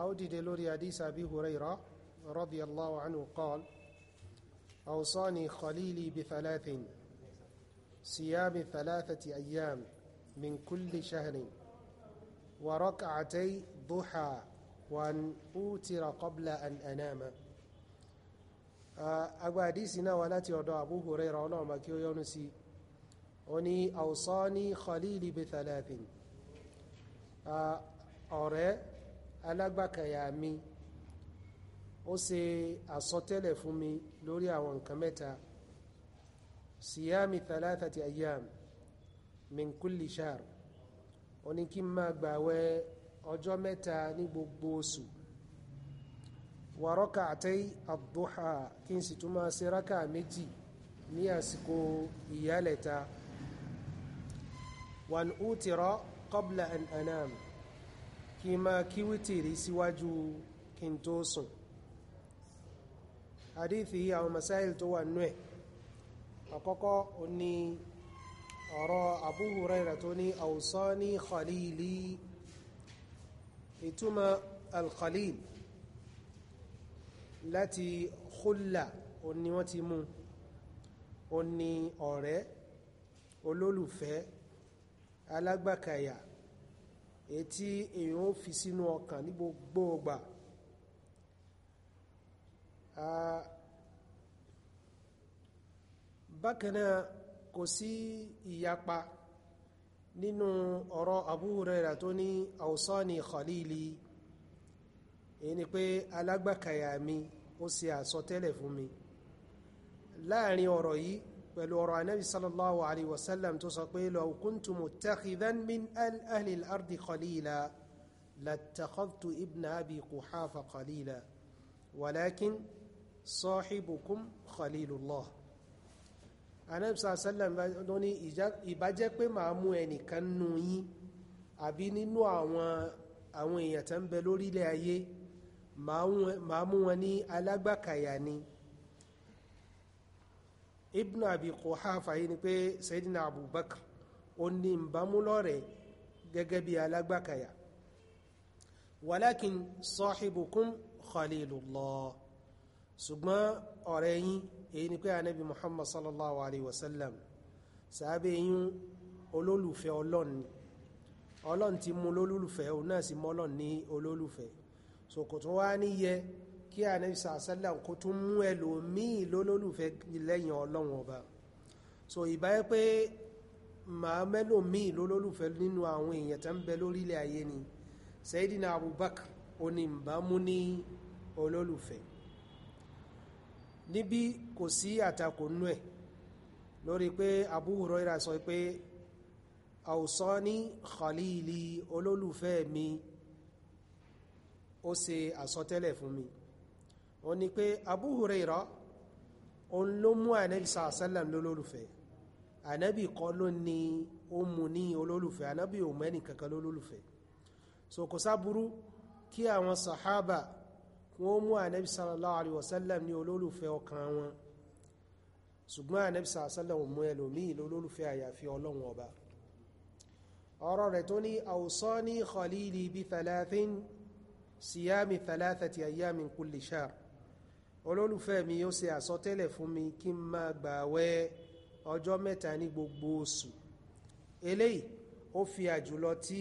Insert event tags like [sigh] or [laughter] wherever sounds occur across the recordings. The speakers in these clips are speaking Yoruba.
أودي دي لوري حديث أبي هريرة رضي الله عنه قال أوصاني خليلي بثلاث صيام ثلاثة أيام من كل شهر وركعتي ضحى وأن أوتر قبل أن أنام أبو حديث نوالة يدعو أبو هريرة ونعم كيو يونسي أني أوصاني خليلي بثلاث أرى alágbàkàyà mi ó ṣe àsọtẹ́lẹ̀ fún mi lórí àwọn nǹkan mẹ́ta siyami thalathati ayyam min kulli shahr ó ní kí n máa gbàwẹ̀ ọjọ́ mẹ́ta ní gbogbo oṣù wa rak'atay ad-duha kí n sì tún máa rákà méjì ní àsìkò ìyálẹ̀ta wan utira qabla an kí n máa kí wítìrí síwájú kí n tó sùn hadithi àwọn masáìl tó wà nú ẹ̀ àkọ́kọ́ ó ní ọ̀rọ̀ Abu Huraira tó ní awsani khalili ìtumọ̀ alkhalil láti khulla ó ní wọ́n ti mú ó ní ọ̀rẹ́ olólùfẹ́ alágbàkàyà èyí tí èyàn ó fi sínú ọkàn ní gbogbo ọgbà bákanáà kò sí ìyapa nínú ọ̀rọ̀ Abu Hurairah tó ní awsani khalili èyí ni pé alágbàkàyà mi ó ṣe àsọtẹ́lẹ̀ fún mi láàrin ọ̀rọ̀ yìí pẹ̀lú ọ̀rọ̀ anábì sallallahu alayhi wa sallam tó sọ pé law kuntu muttakhidan min ahli al-ardi qalila lattakhadhtu ibna abi quhafa qalila walakin sahibukum khalilullah anábì sallallahu alayhi wa sallam ní ìbájẹ́ pé màá mú wọn ní alágbàkàyà ni. Ma ibn abi quhafa yìí ni pé sayidina abubakar ó ní ìbámúlọ́rẹ̀ gẹ́gẹ́ bí alágbàkàyà walakin sahibukum khalilullah ṣùgbọ́n ọ̀rẹ́ yín èyí ni pé anabi muhammad sallallahu alaihi wasallam sàábẹ̀ yín olólùfẹ́ ọlọ́run ni ọlọ́run ti mú olólùfẹ́ òun náà sì mọ́ ní olólùfẹ́ so kò tún wá níyẹ kí anabi sàásálà kó tún mú ẹlòmíì lólólùfẹ́ lẹ́yìn ọlọ́run ọba so ìbáyé pé màá mẹ́lòmíì lólólùfẹ́ nínú àwọn èèyàn tó ń bẹ lórílẹ̀ ayé ni Sayyidina Abubakar onímbàmú ní olólùfẹ́ níbí kò sí àtakò nú ẹ̀ lórí pé Abu Huraira sọ pé awsani khalili olólùfẹ́ mi ó ṣe àsọtẹ́lẹ̀ fún mi ó ní pé Abu Huraira òun ló mú ànábì sàásẹ́lẹ̀m lólólùfẹ́ ànábì kọ́ ló ní ó mú ní olólùfẹ́ ànábì ò mẹ́nì kankan lólólùfẹ́ so kò sáburú kí àwọn sàhábà wọ́n mú ànábì sallallahu alaihi wasallam ní olólùfẹ́ ọkàn wọn ṣùgbọ́n ànábì sallallahu mú ẹlòmíì lólólùfẹ́ àyàfi ọlọ́run ọba ọ̀rọ̀ rẹ̀ tó ní awsani khalili bi thalathin siyami thalathati ayyamin kulli shahr olólùfẹ́ mi ó ṣe àsọtẹ́lẹ̀ fún mi kí n máa gbààwẹ̀ ọjọ́ mẹ́ta ní gbogbo oṣù eléyìí ó fi àjùlọ tí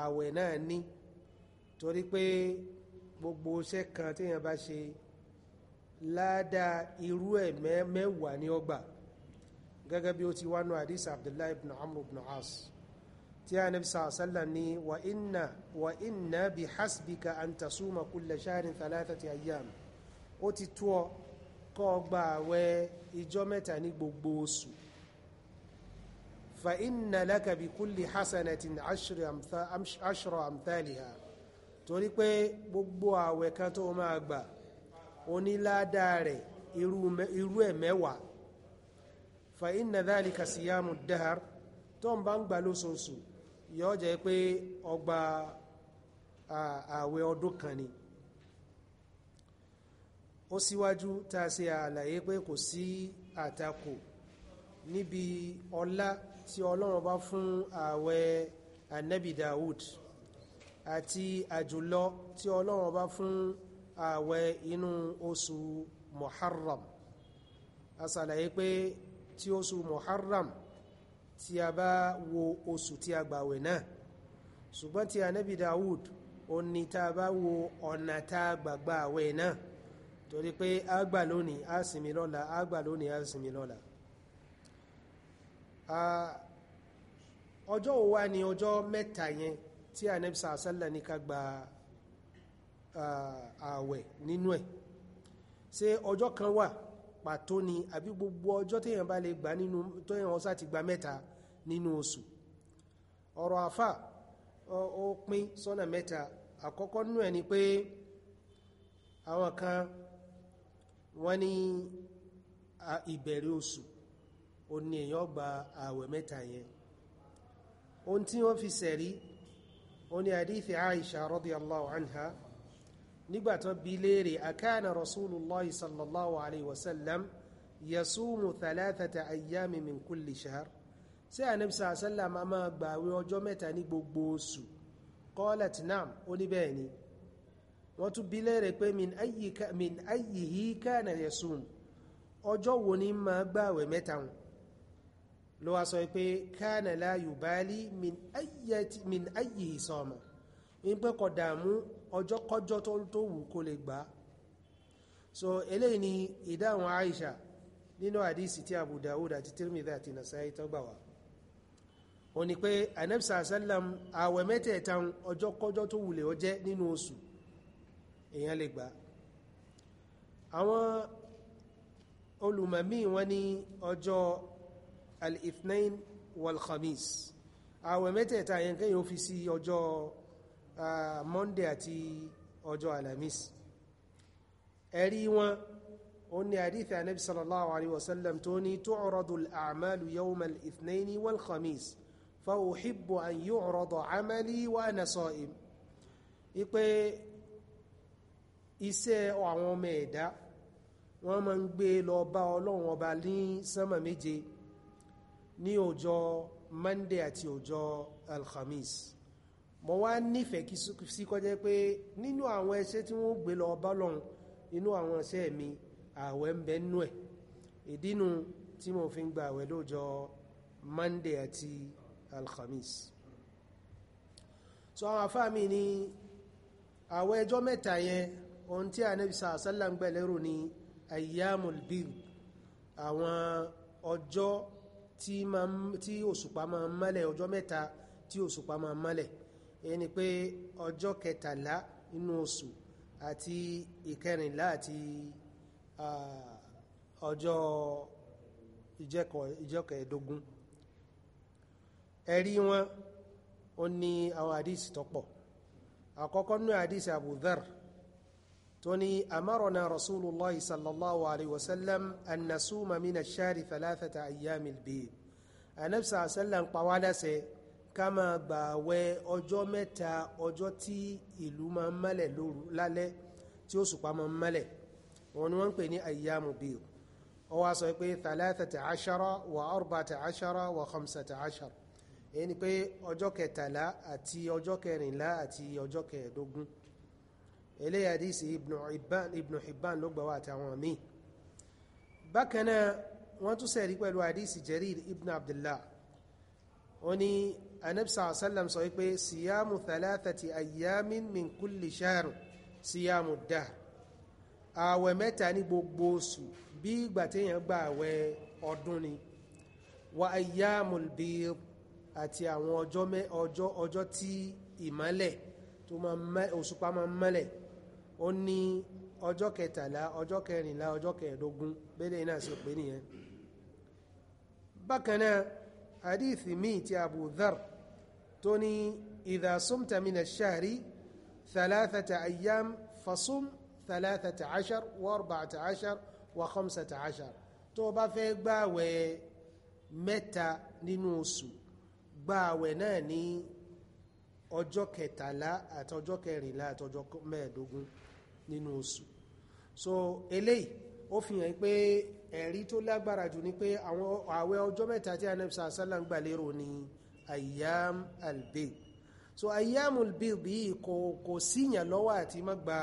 ààwẹ̀ náà ní torí pé gbogbo iṣẹ́ kan téèyàn bá ṣe ládàá irú ẹ̀ mẹ́wàá ní ọgbà gẹ́gẹ́ bí ó ti wánú hadis abdullahi ibn amr ibn as tí a nabi sàásàlá ní wa inna wa hasbika an tasuma kulla sharin thalathati ayyam. ayyam ó ti tó ọ kọ́ gba àwẹ̀ ìjọ mẹ́ta ní gbogbo oṣù fa inna laka bi kulli hasanatin ashra amthaliha torí pé gbogbo àwẹ̀ kan tó máa gbà oníládàá rẹ̀ irú ẹ̀ mẹ́wàá fa inna dhalika siyamu dahar tó ń bá ń gbà lóṣooṣù yóò jẹ́ pé ọgbà àwẹ̀ ọdún kan ni ó síwájú tá a ṣe àlàyé pé kò sí àtakò níbi ọlá tí ọlọ́run bá fún ààwẹ̀ anabi Dawud àti àjùlọ tí ọlọ́run bá fún ààwẹ̀ inú oṣù Muharram a ṣàlàyé pé tí oṣù Muharram tí a bá wo oṣù tí a gbàwẹ̀ náà ṣùgbọ́n tí anabi Dawud ó ní tá bá wo ọ̀nà tá gbàgbà ààwẹ̀ náà torí pé a gbà lónìí a sinmi lọ́la a gbà lónìí a sinmi lọ́la ọjọ́ òwá ni ọjọ́ mẹ́ta yẹn tí anẹ́bísà sálà ní ká gba ààwẹ̀ nínú ẹ̀ ṣé ọjọ́ kan wà pàtó ni àbí gbogbo ọjọ́ téèyàn bá lè gbà nínú téèyàn ọsá ti gba mẹ́ta nínú oṣù ọ̀rọ̀ àfà ó pín sọ́nà mẹ́ta àkọ́kọ́ nínú ẹ̀ ni pé àwọn kan wọ́n ní ìbẹ̀rẹ̀ oṣù o ní èyàn gba ààwẹ̀ mẹ́ta yẹn ohun tí wọ́n fi sẹ̀rí o ní àdífì Aisha radiyallahu anha nígbàtọ́ bí léèrè akáàna rasulullahi sallallahu alaihi wasallam yasumu wọ́n tún bí léèrè pé min ayyihi kana yasum ọjọ́ wo ni máa gbààwẹ̀ mẹ́ta wọn ló wá sọ pé kana la yubali min ayyihi sọ́ọ̀mà wípé kò dààmú ọjọ́ kọjọ́ tó wù kó lè gbà so eléyìí ni ìdáhùn Aisha nínú àdísì tí Abu Dawud àti Tirmidhi àti Nasa'i tó gbà wá ó ní pé anabisa asalam àwẹ̀ mẹ́tẹ̀ẹ̀ta ọjọ́ kọjọ́ tó wù lè ó nínú oṣù èèyàn lè gbà àwọn olùmọ̀mí wọn ní ọjọ́ al-ifnain wal-khamis àwẹ̀ mẹ́tẹ̀ẹ̀ta yẹn ó fi sí ọjọ́ monday àti ọjọ́ alamis ẹ̀rí wọn ó ní àdíthì anábi sallallahu alaihi wasallam tó ní tu'radul a'malu yawmal ithnaini wal khamis fa uhibbu an yu'rada amali wa ana ipe iṣẹ́ àwọn ọmọ ẹ̀dá wọ́n máa ń gbé lọ bá ọlọ́run ọba ní sánmà méje ní ọjọ́ monday àti ọjọ́ alhamis mo wá nífẹ̀ẹ́ sí kọjá pé nínú àwọn iṣẹ́ tí wọ́n gbé lọ bá lọ́run nínú àwọn iṣẹ́ mi ààwẹ̀ ń bẹ nú ẹ̀ ìdínú tí mo fi ń gba ààwẹ̀ lọ́jọ́ monday àti alhamis so àwọn mi ni ààwẹ̀ ọjọ́ mẹ́ta yẹn ohun tí ànábì sàásálà ń gbà lérò ní ayyamul bid àwọn ọjọ́ tí òṣùpá ma ń mọ́lẹ̀ ọjọ́ mẹ́ta tí òṣùpá ma ń mọ́lẹ̀ èyí ni pé ọjọ́ kẹtàlá inú oṣù àti ìkẹrìnlá àti ọjọ́ ìjẹ́kẹ̀ẹ́dógún ẹ̀rí wọn ó ní àwọn àdísì tọ́pọ̀ àkọ́kọ́ ní àdísì Abu توني أمرنا رسول الله صلى الله عليه وسلم أن نصوم من الشهر ثلاثة أيام البيض النبي صلى الله عليه وسلم سي كما باوي أجو متى أجو تي إلو ما ماله لولو لالي تي أسوكا ما ملي ونوان كيني أيام البيض. أو أسوكي ثلاثة عشر وأربعة عشر وخمسة عشر يعني بي أجو كتلا أتي أجو كرين لا أتي أجو كدوغن eléyà àdísì ibnu hibban ló gbàwà àtàwọn míì bákanáà wọ́n tún sẹ̀rí pẹ̀lú àdísì jarir ibn abdullah ó ní anabisa asalam sọ wípé siyamu thalathati ayyamin min kulli shahr siyamu dahr ààwẹ̀ mẹ́ta ní gbogbo oṣù bí ìgbà téèyàn gba ààwẹ̀ ọdún ni wa ayyamul bir àti àwọn ọjọ́ ọjọ́ tí ìmọ́lẹ̀ tó máa òṣùpá máa mọ́lẹ̀ ó ní ọjọ́ kẹtàlá ọjọ́ kẹrìnlá ọjọ́ kẹẹ̀dógún bẹ́ẹ̀ náà sì pé nìyẹn bákan náà hadithi míì ti Abu Dharr tó ní idha sumta min ash-shahri thalathata ayyam fasum thalathata ashar wa arba'ata ashar wa khamsata ashar tó bá fẹ́ gbààwẹ̀ mẹ́ta nínú oṣù gbààwẹ̀ náà ní ọjọ́ kẹtàlá àtọjọ́ kẹrìnlá àtọjọ́ mẹ́ẹ̀dógún nínú oṣù so eléyìí ó fi hàn pé ẹ̀rí tó lágbára jù ni pé àwọn àwẹ̀ ọjọ́ mẹ́ta tí anẹ́bsa sálà ń gbà lérò ni ayyam albid so ayyam albid bí kò kò síyàn lọ́wọ́ àti má gba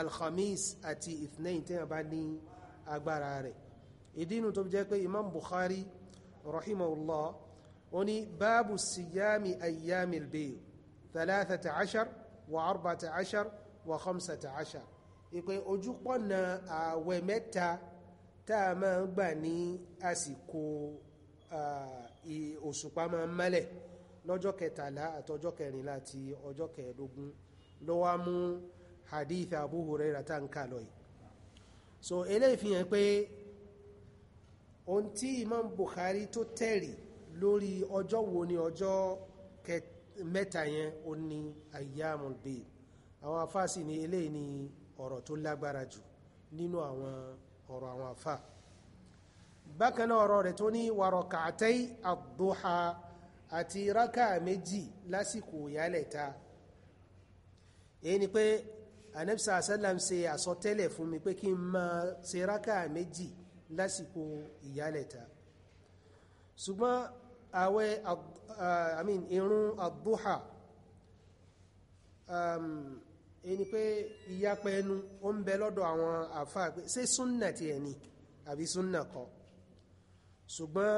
alhamis àti ithnain tí wọ́n bá ní agbára rẹ̀ ìdínú tó jẹ́ pé imam bukhari rahimahullah ó ní báàbù síyàmì ayyam albid 13 wa 14 wa khamsata ashar ìpè ojúpọ̀nà ààwẹ̀ mẹ́ta tá a máa gbà ní àsìkò òṣùpá máa mẹ́lẹ̀ lọ́jọ́ kẹtàlá àtọjọ́ kẹrìnlá àti ọjọ́ kẹẹ̀ẹ́dógún ló wá mú hadith Abu Hurairah tá ń kà lọ so eléyìí fi hàn pé ohun tí Imam buhari tó tẹ̀rì lórí ọjọ́ wo ni ọjọ́ mẹ́ta yẹn ó ní ayyamul bid àwọn afáàsì ni eléyìí ni ọ̀rọ̀ tó lágbára jù nínú àwọn ọ̀rọ̀ àwọn afá bákan náà ọ̀rọ̀ rẹ̀ tó ní wàrọ̀kàtẹ́ àdúhà àti rákà méjì lásìkò ìyálẹ̀ta èyí ni pé anẹ́bísà asálàm ṣe àsọtẹ́lẹ̀ fún mi pé kí n máa ṣe rákà méjì lásìkò ìyálẹ̀ta ṣùgbọ́n àwẹ̀ irun àdúhà ẹni pé ìyapẹ ẹnu ó ń bẹ lọ́dọ̀ àwọn àfáà pé ṣé súnnà ti ẹni àbí súnnà kọ ṣùgbọ́n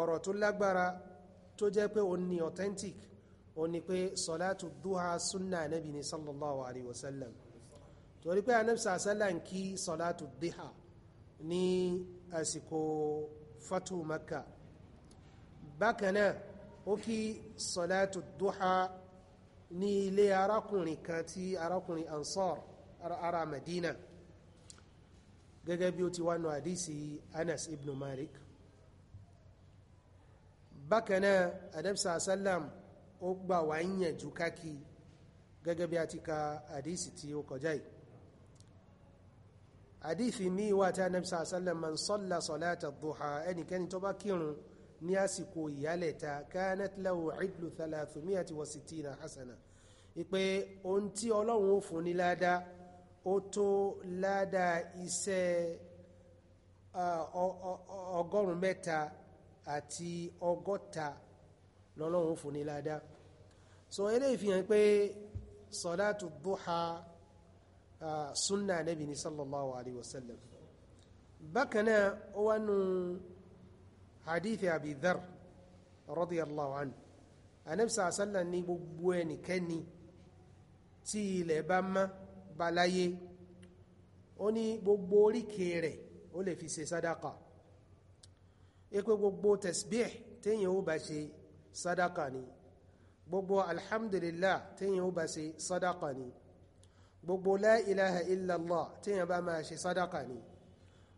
ọ̀rọ̀ tó lágbára tó jẹ́ pé ó ní authentic ó ní pé sọ́látù dúhà súnnà anábì ní sallallahu alaihi wasallam torí pé anábì sàásálà ń kí sọ́látù dúhà ní àsìkò fatu makka bákan ó kí sọ́látù dúhà ní ilé arákùnrin kan tí arákùnrin ansar ara madina gẹ́gẹ́ bí ó ti wá nù àdísì anas ibn malik bákanáà adẹ́bsà sallam ó gbà wá ń yànjú káàkì gẹ́gẹ́ bí a ti ka àdísì tí ó kọjá yìí àdísì míì tí adẹ́bsà sallam man salla salata duha ẹnikẹ́ni tó bá kírun ní àsìkò ìyálẹ̀ta kanat lahu idlu thalathumiyati wa sitina hasana ìpè ohun tí ọlọ́run ó fún ní ládá ó tó ládá iṣẹ́ ọgọ́rùn mẹ́ta àti ọgọ́ta lọ́lọ́run ó fún ní ládá so eléyìí fi hàn pé sọ̀látù duha sunna nabi ni sallallahu alaihi wasallam ó wá hadith abi dhar radiyallahu anhu anẹ́bísà sálà ní gbogbo ẹnikẹ́ni tí ilẹ̀ bá mọ́ baláyé ó ní gbogbo oríkèé rẹ̀ ó lè fi ṣe sádàkà ipe gbogbo tasbih téèyàn ó bá ṣe sádàkà ni gbogbo alhamdulillah téèyàn ó bá ṣe sádàkà ni gbogbo la ilaha illallah téèyàn bá máa ṣe sádàkà ni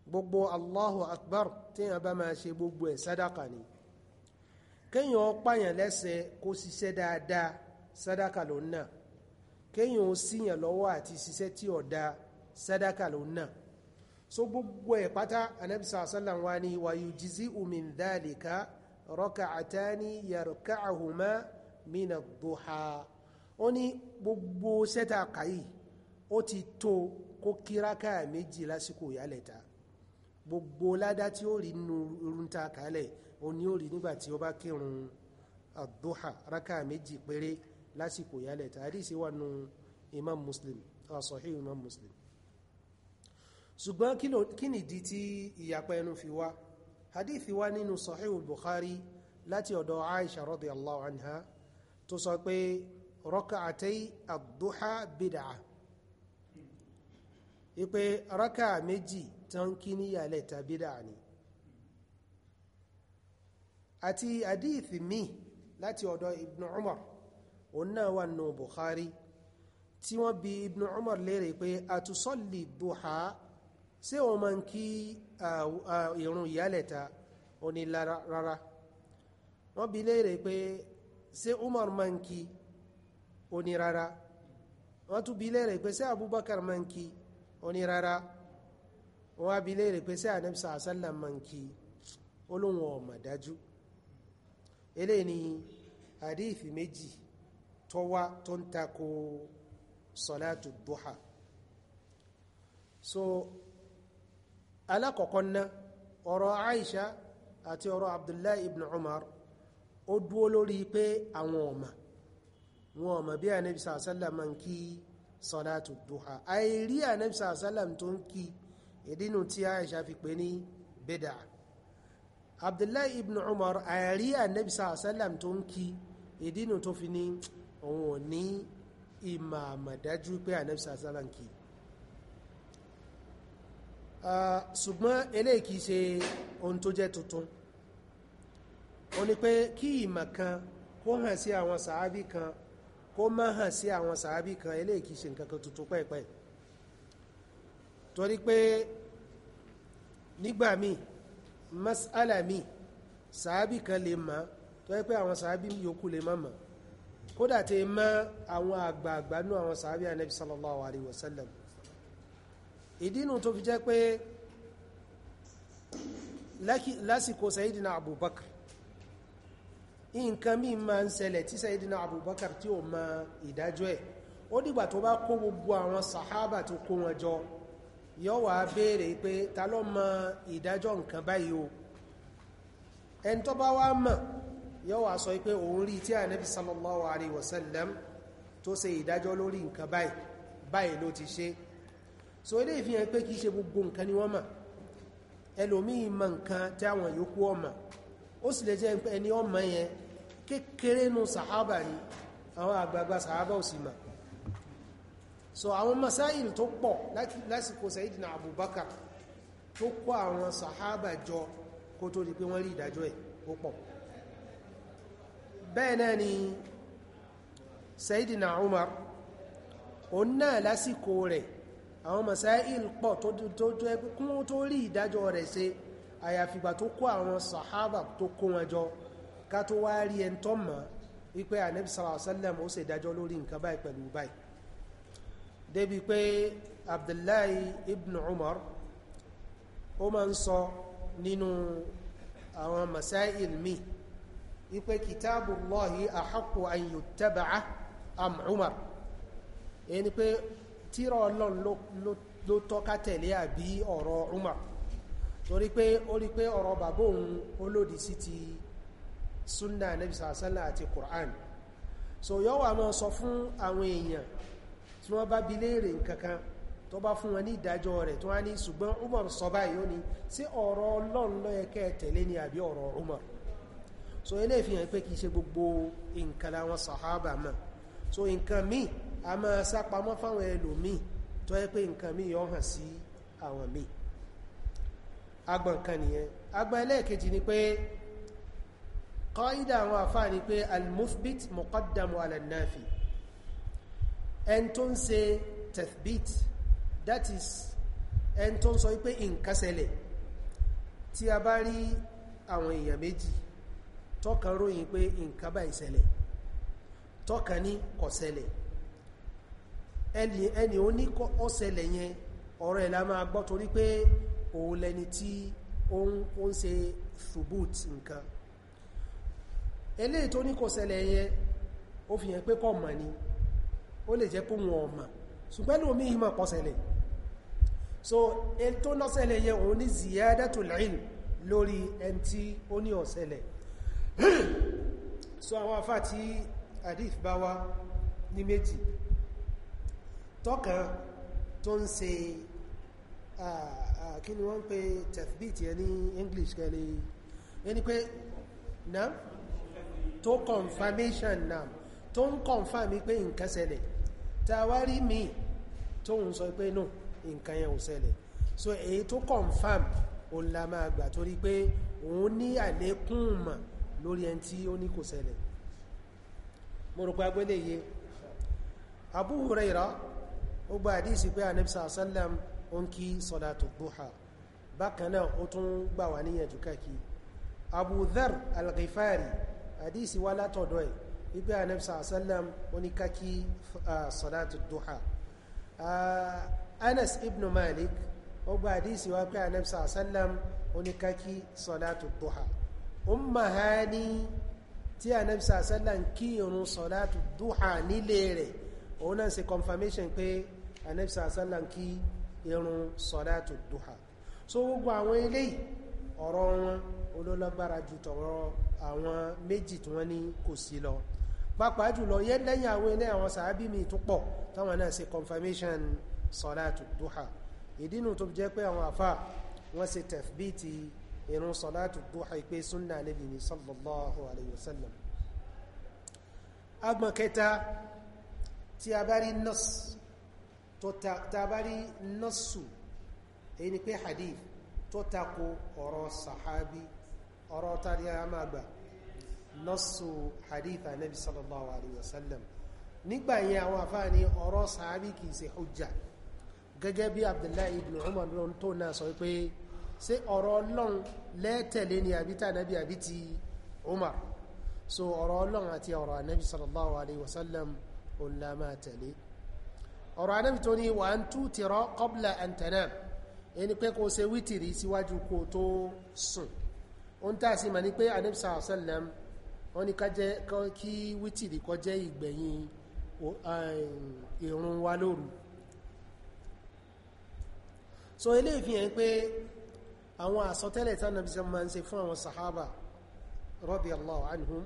gbogbo allahu akbar tí yàn bá máa ṣe gbogbo ẹ̀ sádàkà ni kéèyàn pààyàn lẹ́sẹ̀ kó ṣiṣẹ́ dáadáa sádàkà ló náà kéèyàn ó síyàn lọ́wọ́ àti ṣiṣẹ́ tí ọ̀dá sádàkà ló náà so gbogbo ẹ̀ pátá anabisa sallam wa ni wa yujzi'u min dhalika raka'atani yarka'ahuma min ad-duha ó ní gbogbo sẹ́ta kàyí ó ti tó kó kíráká méjì lásìkò ìyálẹ̀ta gbogbo ládá tí ó rí nínú irun ta kálẹ̀ ó ní ó rí nígbà tí ó bá kírun àdúhà rákà méjì péré lásìkò yálẹ̀ tàbí sí wà nù imam muslim uh, sahih imam muslim ṣùgbọ́n kí nìdí tí ìyapa ẹnu fi wá hadith wá nínú sahih bukhari láti ọ̀dọ̀ aisha radiyallahu anha tó sọ pé raka'atay àdúhà bid'ah wípé rákà méjì tán kí ní yàlẹ̀ tàbí dàní àti àdíìfì míì láti ọ̀dọ̀ ibn umar òun náà wà nù bukhari tí wọ́n bi ibn umar lérè pé àtúsọ́lì duha ṣé wọ́n máa ń kí ìrun ìyálẹ̀ta òní rárá wọ́n bi lérè pé ṣé umar máa ń kí òní rárá wọ́n bi lérè pé ṣé abubakar máa ń ó ní rárá wọ́n á bi léèrè pé sí ànábì sàásálà máa ń kí olóhùn ọ̀mà dájú eléyìí àdíìfì méjì tó tó ń tako sọ̀látù duha so alákọ̀ọ́kọ́ ná ọ̀rọ̀ Aisha àti ọ̀rọ̀ Abdullahi ibn Umar ó dúó lórí pé àwọn ọ̀mà wọn ọ̀mà bí ànábì sàásálà máa salatu duha àìrí ànábì sàásálàm tó ń kí ìdínú tí Aisha fi pè ní bid'a Abdullahi ibn Umar àìrí ànábì sàásálàm tó ń kí ìdínú tó fi ní òun ò ní ìmọ̀ àmọ̀dájú pé ànábì sàásálàm kí ṣùgbọ́n eléyìí kìí ṣe ohun tó jẹ́ tuntun ó ní pé kí ìmọ̀ kan kó hàn kan kó má hàn sí àwọn sàábì kan eléyìí kìí ṣe nǹkan kan tuntun pẹ́ẹ̀pẹ́ torí pé nígbà míì mas'ala míì sàábì kan lè mọ̀ torí pé àwọn sàábì yòókù lè má mọ̀ kódà tẹ mọ́ àwọn àgbààgbà nú àwọn sàábì anabi sallallahu alayhi wa sallam ìdínú tó fi jẹ́ pé lásìkò sayidina abubakar nǹkan míì máa ń ṣẹlẹ̀ tí Sayyidina Abubakar tí ó mọ ìdájọ́ ẹ̀ ó dìgbà tó bá kó gbogbo àwọn sàhábà tó kó wọn jọ yóò wá béèrè pé ta ló mọ ìdájọ́ nǹkan báyìí o ẹni tó bá wá mọ̀ yóò wá sọ pé òun rí tí ànábì sallallahu alaihi ó sì lè jẹ́ ẹni ọmọ yẹn kékeré nù sàhábà ni àwọn àgbààgbà sàhábà ò sì mà so àwọn masáyìl tó pọ̀ lásìkò Abubakar tó kó àwọn sàhábà jọ kó tó di pé wọ́n rí ìdájọ́ ẹ̀ ó pọ̀ bẹ́ẹ̀ náà ni Sayyidina Umar òun náà lásìkò rẹ̀ àwọn masáyìl pọ̀ tó tó kún tó rí ìdájọ́ rẹ̀ ṣe àyàfìgbà tó kó àwọn sàhábà tó kó wọn jọ ká tó wá rí ẹn tọ́ mọ̀ wípé anabi sallallahu alaihi wasallam ó ṣe ìdájọ́ lórí nǹkan báyìí pẹ̀lú báyìí débi pé abdullahi ibn umar ó máa ń sọ nínú àwọn masáìl mi wípé kitabullahi ahaqqu an yuttaba'a am umar ẹni pé tírà ọlọ́run ló tọ́ka tẹ̀lé àbí ọ̀rọ̀ umar torí pé ó pé ọ̀rọ̀ bàbá òun ó lòdì sí ti súnà ànábì sàásánlá àti Qur'an so yọ́ wà máa sọ fún àwọn èèyàn tí wọ́n bá bi léèrè nkankan tó bá fún wọn ní ìdájọ́ rẹ̀ tó wá ní ṣùgbọ́n Umar sọ báyìí ó ní sí ọ̀rọ̀ Ọlọ́run ló yẹ tẹ̀lé ni àbí ọ̀rọ̀ Umar so eléyìí fi hàn pé kìí ṣe gbogbo nǹkan làwọn sàhábà mọ̀ so nǹkan míì a máa sápamọ́ fáwọn ẹlòmíì tó yẹ pé nǹkan míì yọ hàn sí àwọn míì agbọ̀n kan nìyẹn agbọ̀n ẹlẹ́ẹ̀kejì ni pé qaida àwọn àfáà ni pé al-muthbit muqaddamu ala an-nafi ẹn tó tathbit that is ẹn tó ń sọ wípé nǹkan ṣẹlẹ̀ tí a bá rí àwọn èèyàn méjì tọ́kan ròyìn pé nǹkan báyìí ṣẹlẹ̀ tọ́kan ní kò ṣẹlẹ̀ ẹni ó ní ó ṣẹlẹ̀ yẹn ọ̀rọ̀ ẹ̀ la máa gbọ́ torí pé òun lẹni tí ó ń ṣe thubut nǹkan eléyìí tó ní kò ṣẹlẹ̀ yẹn ó fi hàn pé kò mọ̀ ni ó lè jẹ́ pé wọn ò mọ̀ omi ìmọ̀ kò ṣẹlẹ̀ so èyí tó lọ ṣẹlẹ̀ yẹn òun ní ziyadatul ilm lórí ẹni tí ó ní ó ṣẹlẹ̀ so àwọn afá tí hadith bá wá ní méjì tọ́kàn tó ń ṣe kí ni wọ́n ń tẹ̀fbìtì ẹni English kẹ́lẹ̀ ẹni pé náà tó confirmation náà tó ń confirm pé nǹkan ṣẹlẹ̀ tàwárí mi tó ń sọ pé no nǹkan yẹn ò ṣẹlẹ̀ so èyí tó confirm òun la máa gbà torí pé òun ní àlékún mọ̀ lórí ẹni tí ó ní kò ṣẹlẹ̀ mo rò pé agbélé yé Abu Hurairah ó gba àdísì pé anibisa asalam ó ń kí sọ́dátù duha bákan náà ó tún gbà wà níyànjú káàkiri Abu Dhar al-Ghifari hadisi wá látọ̀dọ̀ ẹ̀ wípé anẹ́bisa àṣálàm oníkákí sọ̀dátù duha Anas ibn Malik ó gba hadisi wá pé anẹ́bisa àṣálàm oníkákí sọ̀dátù duha umma hani tí anẹ́bisa àṣálàm kí irun sọ̀dátù duha nílé rẹ̀ òun náà ṣe confirmation pé anẹ́bisa àṣálàm kí irun sọ̀dátù duha so gbogbo àwọn eléyìí ọ̀rọ̀ wọn olólágbára ju tọ̀rọ̀ àwọn méjì tí wọ́n ní kò sí lọ pàápàá jùlọ yẹ́ lẹ́yìn àwọn ilé àwọn sàábí mi tó pọ̀ táwọn náà ṣe confirmation sọ́látù duha ìdínú tó jẹ́ pé àwọn àfà wọ́n ṣe tẹ̀fbíìtì irun sọ́látù duha pé súnnà Ànábì ni sallallahu ọ̀rọ̀ ta ni a máa gbà nọ́sù hadith anabi sallallahu alayhi wa sallam nígbà yẹn àwọn àfáà ní ọ̀rọ̀ sàábì kìí ṣe hujja gẹ́gẹ́ bí abdullahi ibn umar lọ́n tó náà sọ pé ṣé ọ̀rọ̀ ọlọ́run lẹ́tẹ̀lé ni àbí tá ànábì àbí ti umar so ọ̀rọ̀ ọlọ́run àti ọ̀rọ̀ ànábì sallallahu alayhi wa sallam máa tẹ̀lé ọ̀rọ̀ ànábì tó ní wà ń tú tìrọ qabla ẹni pé kó ṣe wítìrí síwájú kó tó sùn ohun tá a sì mọ̀ ní pé anibsa ọ̀sẹ̀lẹ̀m wọ́n ní kí wítìrì kó jẹ́ ìgbẹ̀yìn ìrun wa lóru so ilé ìfihàn pé àwọn àsọtẹ́lẹ̀ tán nàbí sọ máa ń ṣe fún àwọn sahaba radiyallahu anhum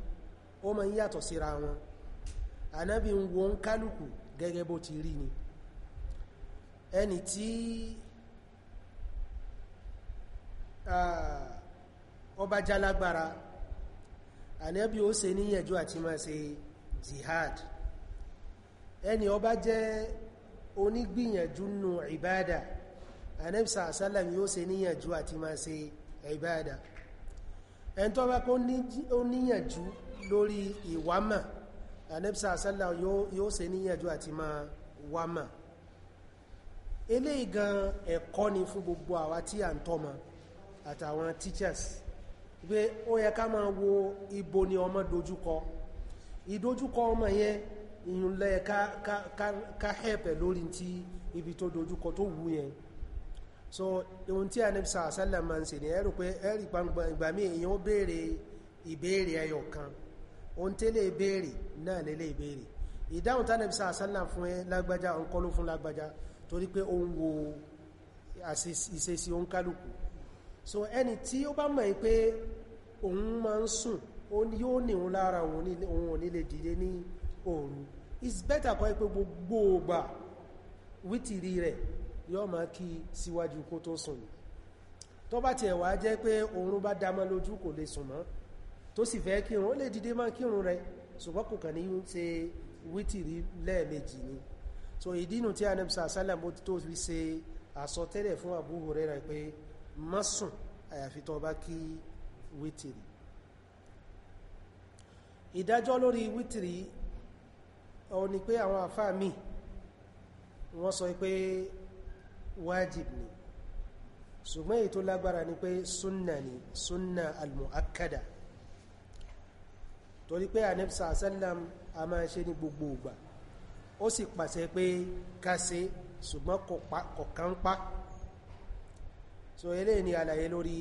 ó máa ń yàtọ̀ síra wọn anábì ń wo ń kálùkù gẹ́gẹ́ bó ti rí ni ẹni tí ah ọba jálágbára ànábì ó ṣe níyànjú àti máa ṣe jihad ẹni ọba jẹ́ onígbìyànjú nù ìbádà ànábì sàásálàm yóò ṣe níyànjú àti máa ṣe ìbádà ẹni tó bá kó níyànjú lórí ìwámà ànábì sàásálàm yóò ṣe níyànjú àti máa wámà eléyìí gan ẹ̀kọ́ ni fún gbogbo àwa tí à ń tọ́mọ àtàwọn teachers pé ó yẹ ká máa wo ibo ni ọmọ dojúkọ ìdojúkọ ọmọ yẹn ìyúnlẹ̀ ká ká ká ká hẹ́pẹ̀ lórí ti ibi tó dojúkọ tó wù yẹn so ohun tí anabi sàá sálà máa ń ṣe ni ẹrù pé ẹrì gbangba ìgbà míì èèyàn ó béèrè ìbéèrè ẹyọ kan ohun tẹ́lẹ̀ ìbéèrè náà lélẹ̀ ìbéèrè ìdáhùn tánàbí sàá sálà fún ẹ lágbájá ọ̀nkọ́ ló fún lágbájá torí pé òun wo ìṣesí òun kálukú so ẹni tí ó bá mọ̀ pé òun máa ń sùn yóò ní òun lára òun ò ní dìde ní òru it's better kọ́ pé gbogbo ògbà wítìrí rẹ̀ yóò máa kí síwájú kó tó sùn tó bá tiẹ̀ wá jẹ́ pé òun bá dámọ́ lójú kò lè sùn mọ́ tó sì fẹ́ kírun ó lè dìde máa kírun rẹ̀ ṣùgbọ́n kò kàn ní ṣe wítìrí lẹ́ẹ̀mejì ni so ìdínú tí anẹ́bùsà sálàm ó tó fi ṣe àsọtẹ́lẹ̀ fún Abu Hurairah pé má sùn àyàfi tó bá kí wítìrì ìdájọ́ lórí wítìrì òun ni pé àwọn àfáà mi wọ́n sọ pé wájib ni ṣùgbọ́n èyí tó lágbára ni pé súnnà ni súnnà almuakkada torí pé anẹ́bsa asẹ́lẹ̀m a máa ṣe ní gbogbo ìgbà ó sì pàṣẹ pé ká ṣùgbọ́n kọ̀kan so eléyìí ni àlàyé lórí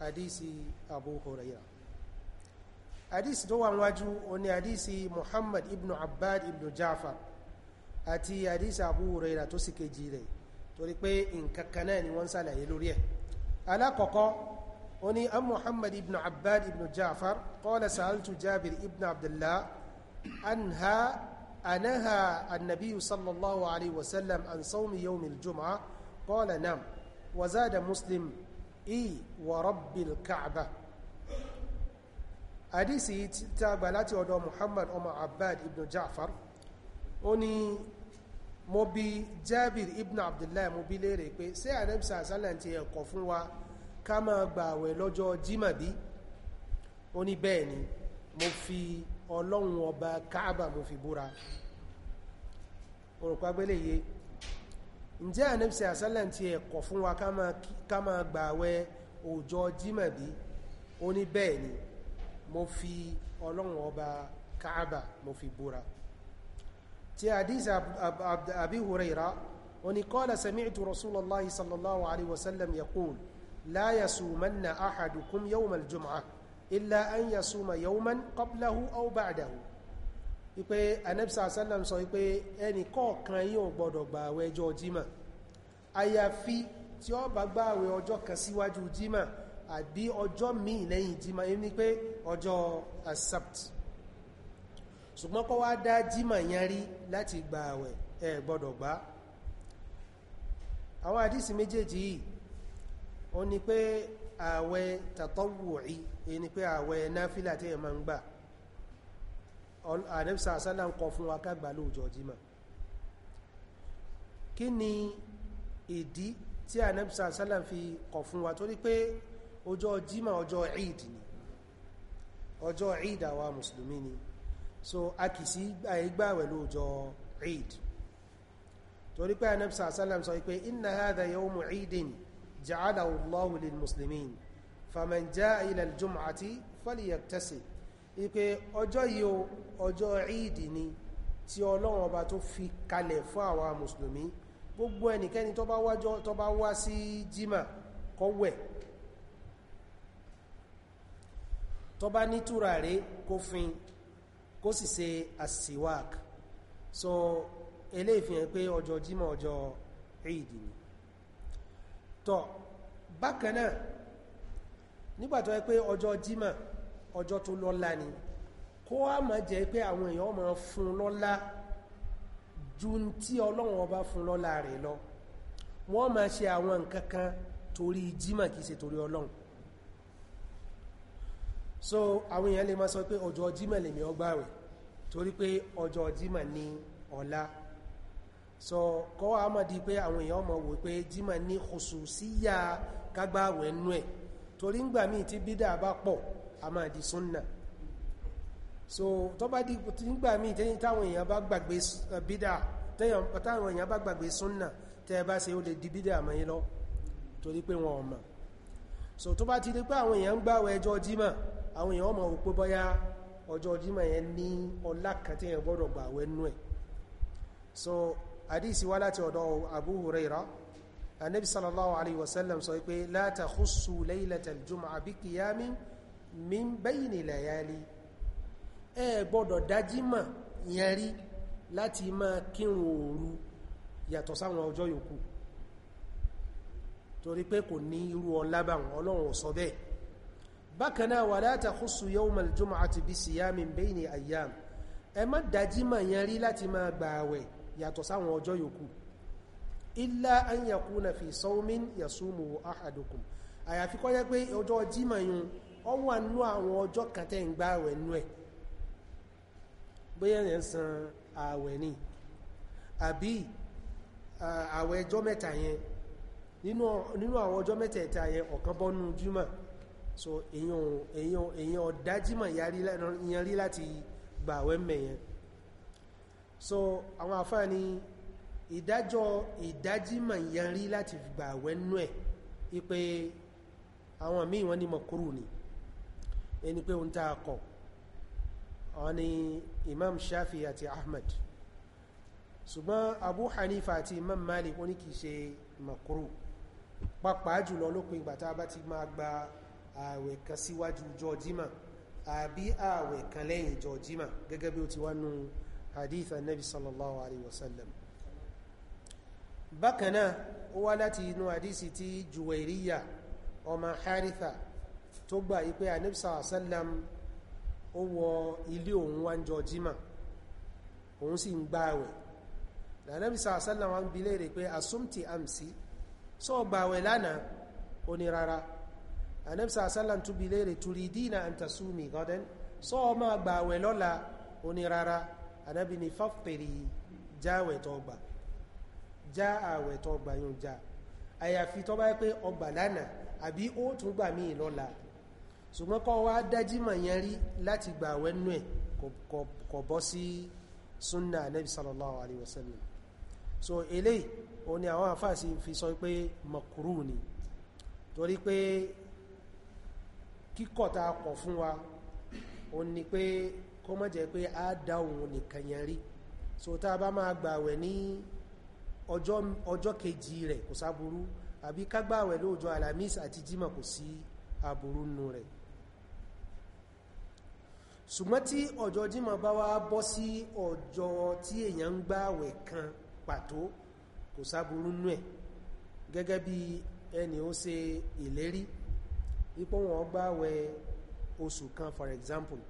hadisi abu huraira hadisi tó wà níwájú oní hadisi muhammad ibn abbad ibn jafar àti hadisi abu huraira tó sì kejì rẹ̀ torí pé nǹkan kan náà ni wọ́n sàlàyé lórí ẹ̀ alákọ̀ọ́kọ́ وني أم محمد بن عباد بن جعفر قال سألت جابر بن عبد الله أنها أنهى النبي صلى الله عليه وسلم عن صوم يوم الجمعة قال نعم وزاد مسلم i wa rabbil ka'ba hadisi ta gbà láti ọ̀dọ̀ muhammad ọmọ abbad ibn ja'far ó ní mo bi jabir ibn abdullahi mo bi léèrè pé ṣé àrẹ́bìsà sálẹ̀ ti ẹ̀kọ́ fún wa ká máa gbà àwẹ̀ lọ́jọ́ jímà bí ó ní ni mo fi ọlọ́run ọba káàbà mo fi búra orùkọ agbélé ǹjẹ́ àníbìsí àsálàm ti ẹ̀kọ́ fún wa ká máa gbààwẹ̀ ọjọ́ jímọ̀ bí ó ní bẹ́ẹ̀ ni mo fi ọlọ́run ọba káàbà mo fi búra ti àdísà àbí huraira ó ní qala sami'tu rasulullahi sallallahu alaihi wasallam yaqul la yasumanna ahadukum yawmal jum'ah illa an yasuma yawman qablahu wípé anẹ́bísà sálàm sọ wípé ẹnì kọ̀ọ̀kan yíò gbọ́dọ̀ gba àwẹ̀ ọjọ́ jímà àyàfi tí ó bá gba àwẹ̀ ọjọ́ kan síwájú jímà àbí ọjọ́ míì lẹ́yìn jímà yìí ni pé ọjọ́ asapt ṣùgbọ́n kọ́ wá dá jímà yẹn rí láti gba àwẹ̀ ẹ gbọ́dọ̀ gbá àwọn àdísì méjèèjì yìí ó ní pé àwẹ̀ tàtọ́wùí èyí ni pé àwẹ̀ náfílà tí ẹ máa ń gbà àdẹ́bísà àsálà ń kọ fún wa ká gbà lóòjọ́ jímọ̀ kí ni ìdí tí àdẹ́bísà àsálà fi kọ fún wa torí pé ọjọ́ jímọ̀ ọjọ́ eid ni ọjọ́ eid àwa mùsùlùmí ni so a kì sí àìgbàwẹ̀ lóòjọ́ eid torí pé àdẹ́bísà àsálà sọ pé inna hadha yawmu eidin ja'alahu Allahu lil muslimin wípé ọjọ́ yìí o ọjọ́ ìdì ni tí ọlọ́run ọba tó fi kalẹ̀ fún àwa mùsùlùmí gbogbo ẹnikẹ́ni tó bá wájọ́ tó bá wá sí jímà kó tó bá ní tùràrí kó fin kó sì ṣe àsìwák so eléyìí fi hàn pé ọjọ́ jímà ọjọ́ ìdì ni tó bákan náà nígbà pé ọjọ́ jímà ọjọ́ tó lọ́lá ni kó wá máa jẹ́ pé àwọn èèyàn máa fún lọ́lá ju tí ọlọ́run ọba fún lọ́lá rẹ̀ lọ wọ́n máa ṣe àwọn nǹkan torí jímà kìí ṣe torí ọlọ́run so àwọn èèyàn lè máa sọ pé ọjọ́ jímà lèmi ọgbà rẹ̀ torí pé ọjọ́ jímà ní ọlá so kọ́ wá máa di pé àwọn èèyàn máa wò pé jímà ní khususiyya kágbáwẹ̀ nú ẹ̀ torí ń gbà míì tí bídà bá pọ̀ a máa di súnnà so tó bá di nígbà míì tẹ́yìn táwọn èèyàn bá gbàgbé eh, bídà tẹ́yìn táwọn èèyàn bá gbàgbé súnnà tẹ́ bá ṣe ó lè di bídà mọ́ yín lọ torí pé wọn ò so tó bá ti di pé àwọn èèyàn ń gbàwẹ̀ ọjọ́ jímọ̀ àwọn èèyàn ọmọ òpó bọ́yá ọjọ́ jímọ̀ yẹn ní ọlá kan tẹ́yìn gbọ́dọ̀ gbàwẹ̀ nú ẹ̀ so àdísí wá láti ọ̀dọ̀ Abu Huraira anabi sallallahu alaihi wasallam sọ pé la takhussu laylatal jum'a bi qiyamin min bayni layali ẹ gbọ́dọ̀ dájímọ̀ yẹn rí láti máa kírun òru yàtọ̀ sáwọn ọjọ́ yòókù torí pé kò ní irú ọlábàwọn ọlọ́run sọ bẹ́ẹ̀ bákanáà wala takhussu yawmal jumu'ati bi siyamin bayni ayyam ẹ má dájímọ̀ yẹn rí láti máa gbààwẹ̀ yàtọ̀ sáwọn ọjọ́ yòókù illa an yakuna fi sawmin yasumu ahadukum àyàfi kó pé ọjọ́ jímọ̀ yun ọ wà nú àwọn ọjọ́ kan tẹ́ àwẹ̀ nú ẹ̀ bóyá yẹn san àwẹ̀ ni àbí àwẹ̀ ọjọ́ mẹ́ta yẹn nínú àwọn ọjọ́ mẹ́tẹ̀ẹ̀ta yẹn ọ̀kan bọ́nú jímọ̀ so èyàn èyàn èyàn ọ̀dá jímọ̀ yẹn rí láti gbà àwẹ̀ mẹ́yẹn so àwọn àfáà ni ìdájọ́ ìdájímọ̀ yẹn rí láti gbà àwẹ̀ nú ẹ̀ ipe àwọn míì wọ́n ní mọ̀kúrù ni ẹni pé ohun tá a kọ̀ àwọn ni imam shafi àti ahmed ṣùgbọ́n abu hanifa àti imam malik ó ní kìí ṣe makuru pàápàá jùlọ lópin ìgbà tá a bá ti máa gba ààwẹ̀ kan síwájú jọjímà àbí ààwẹ̀ kan lẹ́yìn jọjímà gẹ́gẹ́ bí ó ti wá nú hadith sallallahu alaihi wasallam bákan ó wá láti inú hadisi ti juwairiyya ọmọ haritha tó gbà yí pé anibisa asalam ó wọ ilé òun wá ń jọ jímà òun sì ń gbààwẹ̀ anibisa asalam wá ń bi léèrè pé asumti amsi sọ gbààwẹ̀ lánàá ó ní rárá anibisa asalam tún bi léèrè turidina antasumi gọdẹn sọ máa gbààwẹ̀ lọ́la ó ní rárá anabi ni fàfẹrì jáwẹ̀ tó gbà já àwẹ̀ tó gbà yóò já àyàfi tó bá pé ọgbà lánàá àbí ó tún gbà míì lọ́la ṣùgbọ́n kọ́ wá dájímọ̀ yẹn rí láti gbà wẹ́nú ẹ̀ kò bọ́ sí súnà nẹ́bí sallallahu alaihi wasallam so eléyìí o ni àwọn àfáàsí fi sọ pé makuru ni torí pé kíkọ̀ta kọ̀ fún wa o ni pé kó má jẹ́ pé a dá òun nìkan yẹn rí so tá a bá máa gbàwẹ̀ ní ọjọ́ kejì rẹ̀ kò sáburú àbí ká gbàwẹ̀ lóòjọ́ alamis àti jímọ̀ kò sí aburú nù rẹ̀ ṣùgbọ́n tí ọjọ́ jímọ̀ bá wá bọ́ sí ọjọ́ tí èèyàn ń gbààwẹ̀ kan pàtó kò sáburú nú ẹ̀ gẹ́gẹ́ bí ẹni ó ṣe ìlérí ipò wọn gbààwẹ̀ oṣù kan for example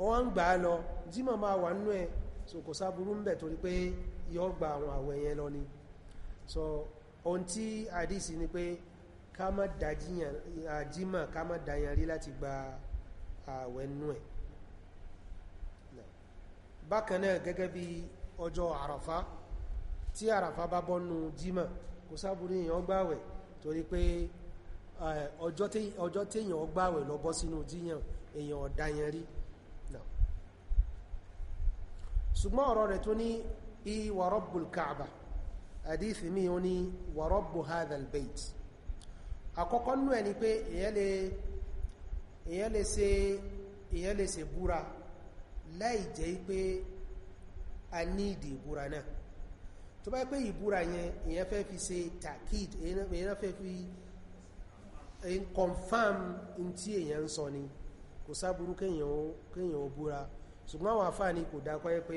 wọ́n ń gbà á lọ jímọ̀ máa wà nú ẹ̀ so kò sáburú ń bẹ̀ torí pé yọ́ gba àwọn àwẹ̀ yẹn lọ ni so ohun tí àdìsí ni pé ká má dájíyàn àjímọ̀ ká má dáyàn rí láti gba àwẹ̀ nú ẹ̀ bákan náà gẹ́gẹ́ bí ọjọ́ àràfá tí àràfá bá bọ́nu jímọ̀ kò sáàbùrí èèyàn gbàwẹ̀ torí pé ọjọ́ téèyàn gbàwẹ̀ lọ bọ́ sínú jíyàn èèyàn ọ̀dáyàn rí ṣùgbọ́n ọ̀rọ̀ rẹ̀ tó ní ìwà rabbul láì jẹ́ pé a ní ìdí ìbúra náà tó bá pé ìbúra yẹn èyàn fẹ́ fi ṣe takid èyàn fẹ́ fi confirm in tí èyàn ń sọ ni kò sáburú kéèyàn ó búra ṣùgbọ́n àwọn afá ni kò dákọ́ pé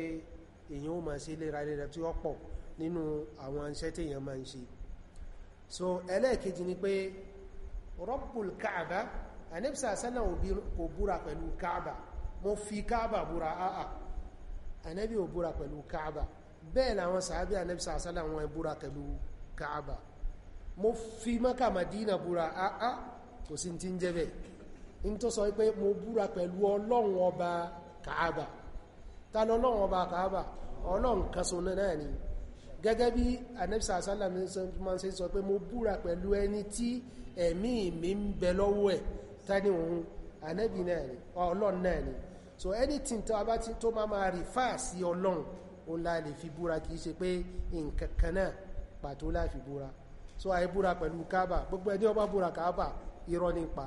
èyàn ó máa ṣe léraléra tí ó pọ̀ nínú àwọn iṣẹ́ tí èyàn máa ń ṣe so ẹlẹ́ẹ̀kejì ni pé Rabbul Kaaba anẹ́bísà sánà kò búra pẹ̀lú Kaaba mo fi káàbà búra àà ànẹ́bí ò búra pẹ̀lú káàbà bẹ́ẹ̀ làwọn sàábí ànẹ́bí sàásálà wọn búra pẹ̀lú káàbà mo fi mọ́kà madina búra àà kò sí ti ń jẹ́ bẹ́ẹ̀ in tó sọ pé mo búra pẹ̀lú ọlọ́run ọba káàbà ta lọ ọlọ́run ọba káàbà ọlọ́run kan náà ni gẹ́gẹ́ bí ànẹ́bí sàásálà máa ń sọ pé mo búra pẹ̀lú ẹni tí ẹ̀mí mi ń bẹ lọ́wọ́ ẹ̀ tani òun ànẹ́bí náà ni ọlọ́run náà ni so anything tó bá ti tó máa máa refer sí ọlọ́run ó la lè fi búra kìí ṣe pé nǹkan kan náà pàtó láì fi búra so àì búra pẹ̀lú káàbà gbogbo ẹni ó bá búra káàbà irọ́ nípa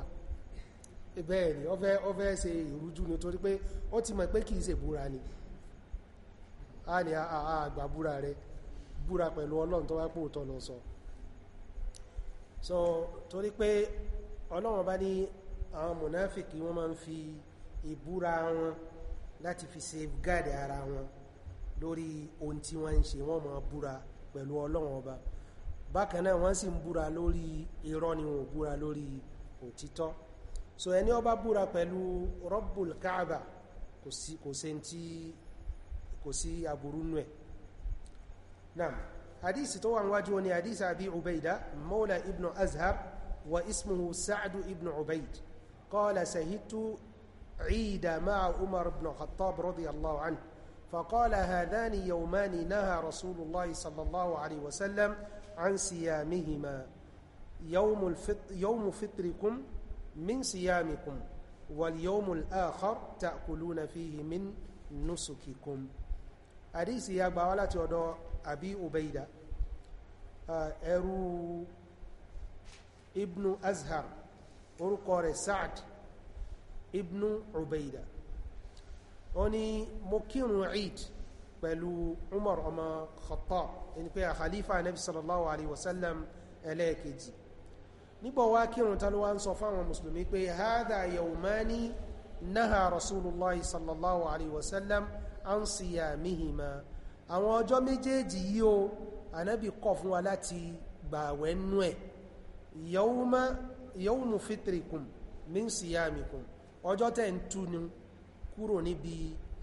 bẹ́ẹ̀ ni ó fẹ́ ó fẹ́ ṣe ìrújú nítorí pé ó ti mọ̀ pé kìí ṣe búra ni a ní àgbà búra rẹ búra pẹ̀lú ọlọ́run tó bá pòótọ́ lọ sọ so torí pé ọlọ́run bá ní àwọn mùnáfìkì wọ́n máa ń fi ìbúra wọn láti fi safeguard ara wọn lórí ohun tí wọ́n ń ṣe wọ́n máa búra pẹ̀lú ọlọ́run ọba bákan náà wọ́n sì ń búra lórí irọ́ ni wọ́n búra lórí òtítọ́ so ẹni ọba búra pẹ̀lú Rabbul Kaaba kò sí tí kò sí aburú nù ẹ̀ náà hadisi tó wà níwájú ni hadisi Abi Ubaida mawla ibn Azhar wa ismuhu Sa'du ibn Ubaid qala sahitu عيد مع عمر بن الخطاب رضي الله عنه فقال هذان يومان نهى رسول الله صلى الله عليه وسلم عن صيامهما يوم, الفطر يوم فطركم من صيامكم واليوم الآخر تأكلون فيه من نسككم حديث يا بوالات يدو أبي أبيدة أرو ابن أزهر أرقر سعد ibnu ubaida ó ní mo kírun eid pẹ̀lú umar ọmọ khattab ẹni pé àkàlífà nabi sallallahu alaihi wasallam ẹlẹ́ẹ̀kejì nígbà wá kírun tán wá ń sọ fáwọn musulmi pé hadha yawmani naha rasulullahi sallallahu alaihi wasallam an siyamihima àwọn ọjọ́ méjèèjì yìí o ànábì kọ̀ fún wa láti gbààwẹ̀ nú ẹ̀ yawma yawmu fitrikum min siyamikum ọjọ́ tẹ́ ń tú ni kúrò níbi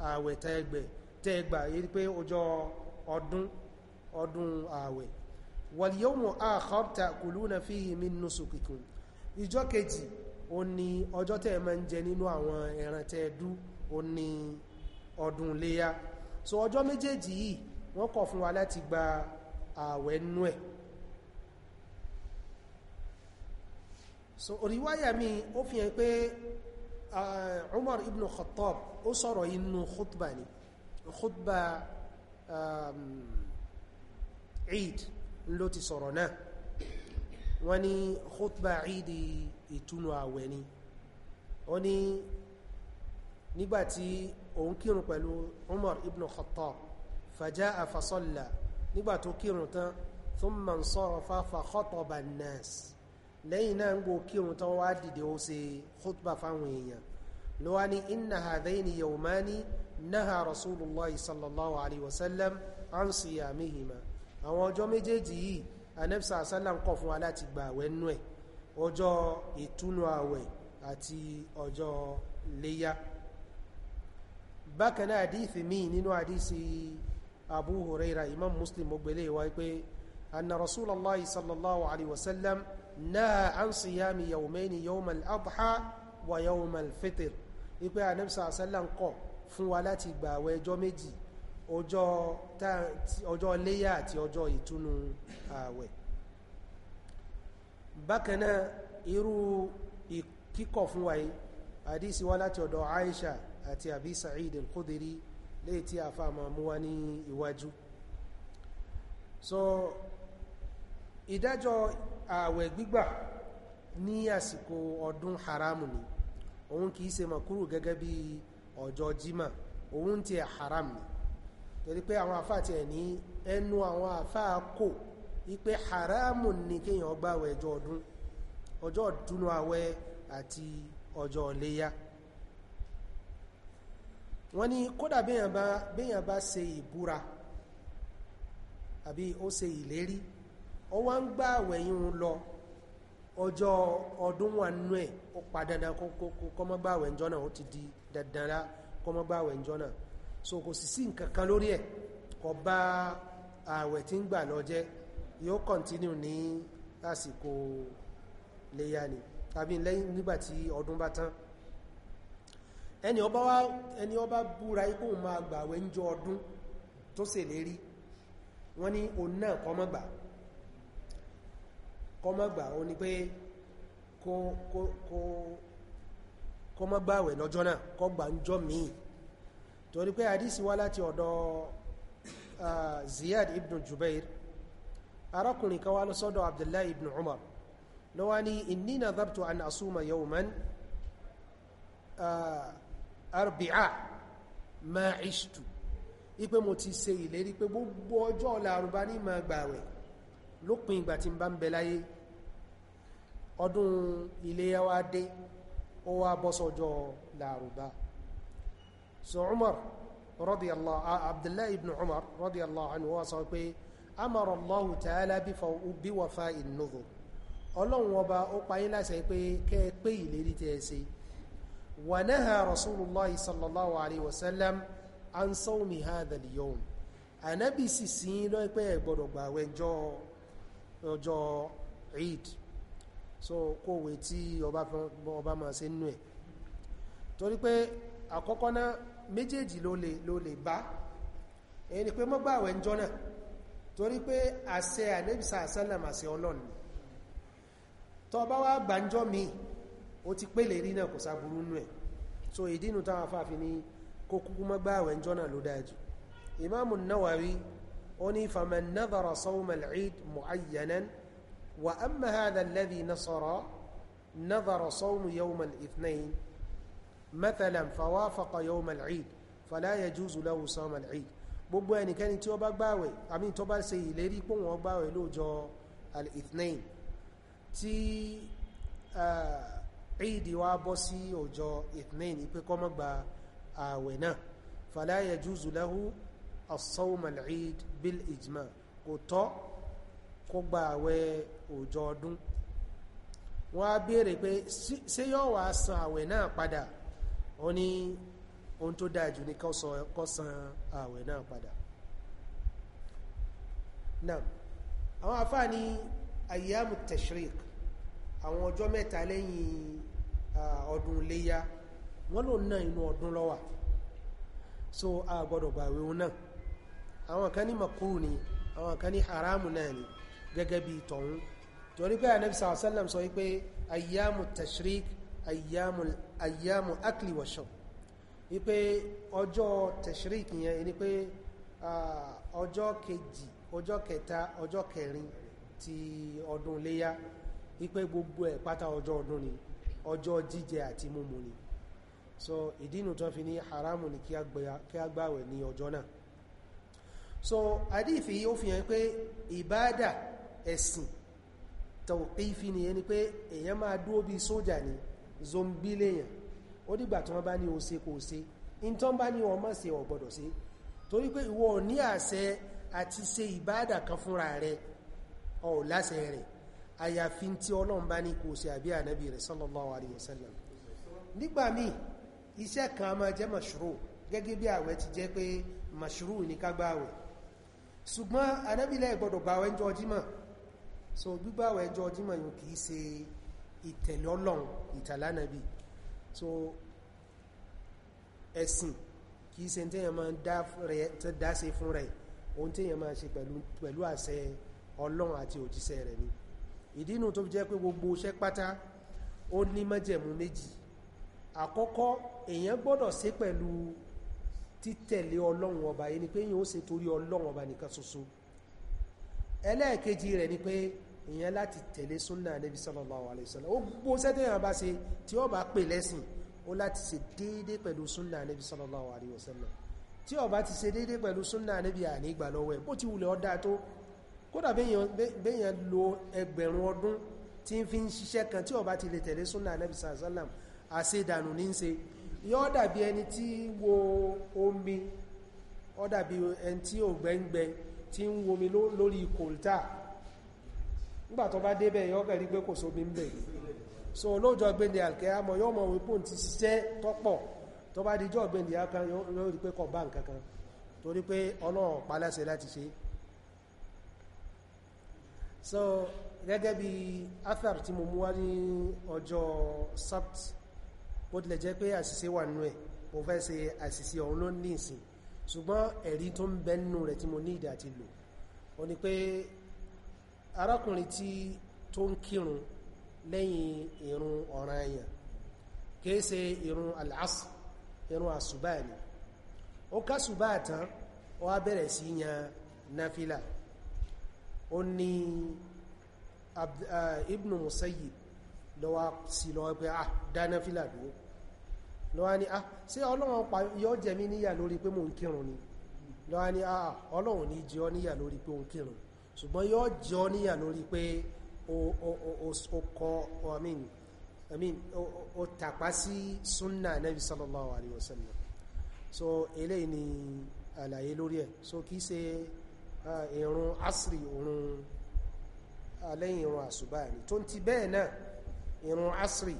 ààwẹ̀ tẹ́gbẹ̀ tẹ́gbà yìí pé ọjọ́ ọdún ọdún ààwẹ̀ wal yawmu akhar ta'kuluna fihi min nusukikum ìjọ́ kejì ó ní ọjọ́ tẹ́ máa ń jẹ nínú àwọn ẹran tẹ́ dú ní ọdún léyá so ọjọ́ méjèèjì yìí wọ́n kọ̀ fún wa láti gba ààwẹ̀ nú ẹ̀ so oríwáyà mi ó fi hàn pé Umar ibn Khattab ó sọ̀rọ̀ inú khutba ni khutba Eid ló ti sọ̀rọ̀ náà wọ́n ní khutba Eid ìtúnu àwẹ̀ ni ó ní nígbàtí òun kírun pẹ̀lú Umar ibn Khattab faja'a fa salla nígbàtí ó kírun tán thumma nsarafa fa khataba an-nas lẹ́yìn náà ń gbò kírun tán wá dìde ó ṣe khutba fáwọn èèyàn ló wá ní inna hadhaini yawmani naha rasulullah sallallahu alaihi wasallam an siyamihima àwọn ọjọ́ méjèèjì yìí anẹ́bsà sallam kọ̀ fún wa láti gba àwẹ̀ nú ẹ̀ ọjọ́ ìtúnu àwẹ̀ àti ọjọ́ léyá bákan náà àdífì míì nínú àdísì abu huraira imam muslim ogbele wa pé anna rasulallah sallallahu alaihi wasallam náà an siyami yawmaini yawmal adha wa yawmal fitr wípé anẹ́bísà àṣẹ́là ń kọ̀ fún wa láti gba àwẹ̀ ọjọ́ méjì ọjọ́ léyà àti ọjọ́ ìtúnu ààwẹ̀ bákanáà irú kíkọ̀ fún wa àdísí wá láti ọ̀dọ̀ Aisha àti àbí Sa'id al-Khudri léè tí a fàmà mú wá ní iwájú so ìdájọ́ ààwẹ̀ gbígbà ní àsìkò ọdún haramu ni òun kìí ṣe mọ̀kúrù gẹ́gẹ́ bí ọjọ́ jímà òun ti ẹ̀ haram ni torí pé àwọn ti ẹ̀ ní ẹnu àwọn àfáà kò wípé haramu ni kéèyàn gbààwẹ̀ ọjọ́ ọdún ọjọ́ ọdúnú àwẹ̀ àti ọjọ́ ọléyá wọ́n ní kódà béèyàn bá béèyàn bá ìbúra àbí ó ìlérí ń lọ ọjọ́ ọdún wà nú ẹ̀ ó pa dandan náà ó ti di dandanra kọ́mọ́gbàwẹ̀ ǹjọ́ náà so kò sì sí nǹkan kan lórí ẹ̀ kò bá ààwẹ̀ tí ń gbà lọ jẹ́ yóò kọ̀ntínú ní àsìkò léyà ni tàbí lẹ́yìn nígbàtí ọdún bá tán ọba wá ẹni ọba búra ikú máa gbàwẹ̀ ọdún tó wọ́n ní òun náà kọ́ mọ́ gbà ó ní pé kó kó kó kó mọ́ gbàwẹ̀ lọ́jọ́ náà kọ́ gbà ń jọ míì torí pé àdísí wá láti ọ̀dọ̀ Ziyad ibn Jubair arákùnrin kan wá lọ sọ́dọ̀ Abdullahi ibn Umar ló wá ní inni nadhabtu an asuma yawman arbi'a ma ipe mo ti ṣe ìlérí pé gbogbo ọjọ́ Lárúbá ní ma gbàwẹ̀ lópin ìgbà tí n bá ń bẹ láyé ọdún iléyá wá dé ó wá bọ́sọ̀jọ́ làrùbá so umar radiyallahu abdullahi ibn umar radiyallahu anhu wá sọ pé amara allahu ta'ala bí wàfá ìnúdò ọlọ́run ọba ó payín láṣẹ pé kẹ́ pé ìlérí tẹ́ ṣe wa naha rasulullah sallallahu alaihi wasallam an sawmi hadha al-yawm ànábì sì sí lọ́pẹ́ gbọ́dọ̀ gbàwẹ́jọ́ ọjọ́ eid so kówé tí ọba fún ọba máa ṣe nínú ẹ̀ torí pé àkọ́kọ́ náà méjèèjì ló lè ló lè bá èyí ni pé mọ́gbà àwẹ̀ ń jọ torí pé àṣẹ ànẹ́bìsà àṣẹ́lẹ̀m àṣẹ ọlọ́run ni tọ́ bá wá gbàǹjọ́ mi ó ti pé lè rí náà kò sáburú nú ẹ̀ so ìdínú táwọn afáàfin ni kó kúkú mọ́gbà àwẹ̀ ń jọ ló dáa jù Ìmáàmù أني فمن نذر صوم العيد معينا وأما هذا الذي نصر نذر صوم يوم الاثنين مثلا فوافق يوم العيد فلا يجوز له صوم العيد gbogbo ẹnikẹ́ni tí ó bá gbàwẹ̀ àmì tó bá ṣe ìlérí pé wọ́n gbàwẹ̀ lóòjọ́ al-ithnain tí ìdí wá bọ́ sí ọjọ́ ithnain pé kó gba ààwẹ̀ náà fala yajuzu lahu الصوم العيد بالإجماع bil ijma kò tọ́ kó gba àwẹ̀ ọjọ́ ọdún wọ́n á béèrè pé ṣé yóò wá san àwẹ̀ náà padà ó ní ohun tó dáa jù ní kó san àwẹ̀ náà padà náà àwọn afá ní ayyamu tashrik àwọn ọjọ́ mẹ́ta lẹ́yìn ọdún léyá wọ́n lò náà inú ọdún ló so a gbọ́dọ̀ gbàwé òun náà àwọn kan ní makruh ni àwọn kan ní haramu náà ni gẹ́gẹ́ bí tọ̀hún torí pé anabi sallallahu alaihi wasallam sọ wípé ayyamu tashrik ayyamu ayyamu akli wa shurb wípé ọjọ́ tashrik yẹn ni pé ọjọ́ kejì ọjọ́ kẹta ọjọ́ kẹrin ti ọdún léyá wípé gbogbo ẹ̀ pátá ọjọ́ ọdún ni ọjọ́ jíjẹ àti múmu ni so ìdínú tó fi ní haramu ni kí a gbààwẹ̀ ní ọjọ́ náà so àdífì yíó fi hàn pé ìbádà ẹ̀sìn tawqifi ni ẹni pé èyàn máa dúó bí sójà ni zombi lèyàn ó dìgbà tí wọ́n bá ní o kò ṣe in tó ń bá ní ọmọ ṣe ò gbọ́dọ̀ torí pé ní àṣẹ àti ṣe kan fúnra rẹ̀ ò láṣẹ rẹ̀ àyàfi tí Ọlọ́run bá ní kò ṣe àbí ànábì rẹ̀ ṣùgbọ́n anábìlẹ̀ gbọ́dọ̀ gbàwẹ̀ ọjọ́ jímọ̀ so gbígbàwẹ̀ ọjọ́ jímọ̀ yóò kìí ṣe ìtẹ̀lé Ọlọ́run ìtàlánàbì so ẹ̀sìn kìí ṣe tẹ́yàn máa dá ṣe fún rẹ̀ ohun tẹ́yàn máa ṣe pẹ̀lú àṣẹ Ọlọ́run àti òjíṣẹ́ rẹ̀ ni ìdínú tó jẹ́ pé gbogbo iṣẹ́ pátá ó ní májẹ̀mú méjì àkọ́kọ́ èèyàn gbọ́dọ̀ ṣe pẹ̀lú títẹ̀lé ọlọ́run ọba yìí ni pé yíò ṣe torí ọlọ́run ọba nìkan ṣoṣo ẹlẹ́ẹ̀kejì rẹ̀ ni pé èèyàn láti tẹ̀lé súnà Ànábì sallallahu alaihi wasallam ó gbó sẹ́tẹ̀ èèyàn bá ṣe tí ó bá pè lẹ́sìn ó láti ṣe déédé pẹ̀lú súnà Ànábì sallallahu alaihi wasallam tí ó bá ti ṣe déédé pẹ̀lú súnà Ànábì àní ìgbà lọ́wọ́ ẹ̀ bó ti wulẹ̀ ọdá tó kódà béèyàn lo ẹgbẹ̀rún ọdún tí ń fi ń ṣiṣẹ́ kan tí ó bá ti lè tẹ̀lé súnà Ànábì sallallahu àṣedànù ní ń ṣe yọ́ dàbí ẹni tí wo omi ó dàbí ẹni tí ò gbẹ́ngbẹ́ tí ń womi lórí kòlítà nígbà tó bá débẹ̀ yọ́ kẹ̀rí pé kò sómi ń bẹ̀ so lóòjọ́ gbẹ̀ndẹ̀ alkeyamọ yọ́ mọ̀ wípé òun ti ṣiṣẹ́ tọ́pọ̀ tó bá dijọ́ gbẹ̀ndẹ̀ alkan yóò rí pé kò bá nǹkan kan torí pé ọlọ́run paláṣẹ láti ṣe so gẹ́gẹ́ bí athar tí mo mú wá ní ọjọ́ sabt bó tilẹ̀ jẹ́ pé àṣìṣe wà nínú ẹ̀ mo fẹ́ ṣe àṣìṣe ọ̀hún ló ní ìsìn ṣùgbọ́n ẹ̀rí tó ń bẹ nínú rẹ̀ tí mo ní ìdá ti lò ó ní pé arákùnrin tí tó ń kírun lẹ́yìn ìrun ọ̀ràn àyàn kìí ṣe ìrun al'as ìrun àṣùbá ni ó kásùbá tán ó á bẹ̀rẹ̀ sí yan náfílà ó ní ibn musayyib lọ́wọ́ sí lọ́wọ́ pé ah dáná fílà dúró lọ́wọ́ ni ah ṣé ọlọ́run pa yọ jẹ mí níyà lórí pé mò ń kírun ni lọ́wọ́ ni ah ọlọ́run ní jẹ ọ níyà lórí pé ó ń kírun ṣùgbọ́n yọ jẹ ọ níyà lórí pé ó kọ ọmìn ọmìn ó tàpá sí súnà Nabi sallallahu alayhi wa sallam so eléyìí ni àlàyé lórí ẹ̀ so kìí ṣe ìrun asri òrun lẹ́yìn ìrun àṣùbà ni tó ń ti bẹ́ẹ̀ náà irun asiri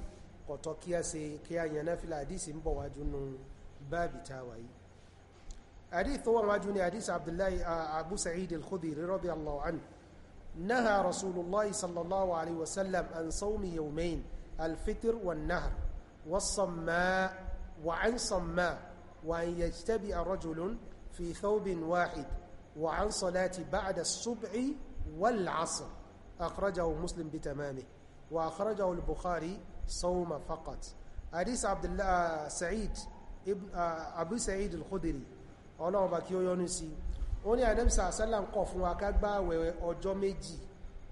kọ̀tọ̀ kí a ṣe kí a yẹn náfílà àdísì ń bọ̀ wájú nù báàbì tá wà yìí àdísì tó wà wájú ni àdísì abdullahi abu sa'id al-khudiri radiyallahu anhu naha rasulullahi sallallahu alaihi wasallam an sawmi yawmain al-fitr wan nahr was-samma wa an samma wa an yajtabi fi thawbin wahid wa an salati ba'da as-sub'i akhrajahu muslim bitamamihi وأخرجه البخاري صوم فقط حديث عبد الله سعيد ابن أبو سعيد الخدري ọlọ́run bá kí ó yọ́nú sí ó ní àìdẹ́mísà sálàm kọ̀ fún wa ká gba àwẹ̀ ọjọ́ méjì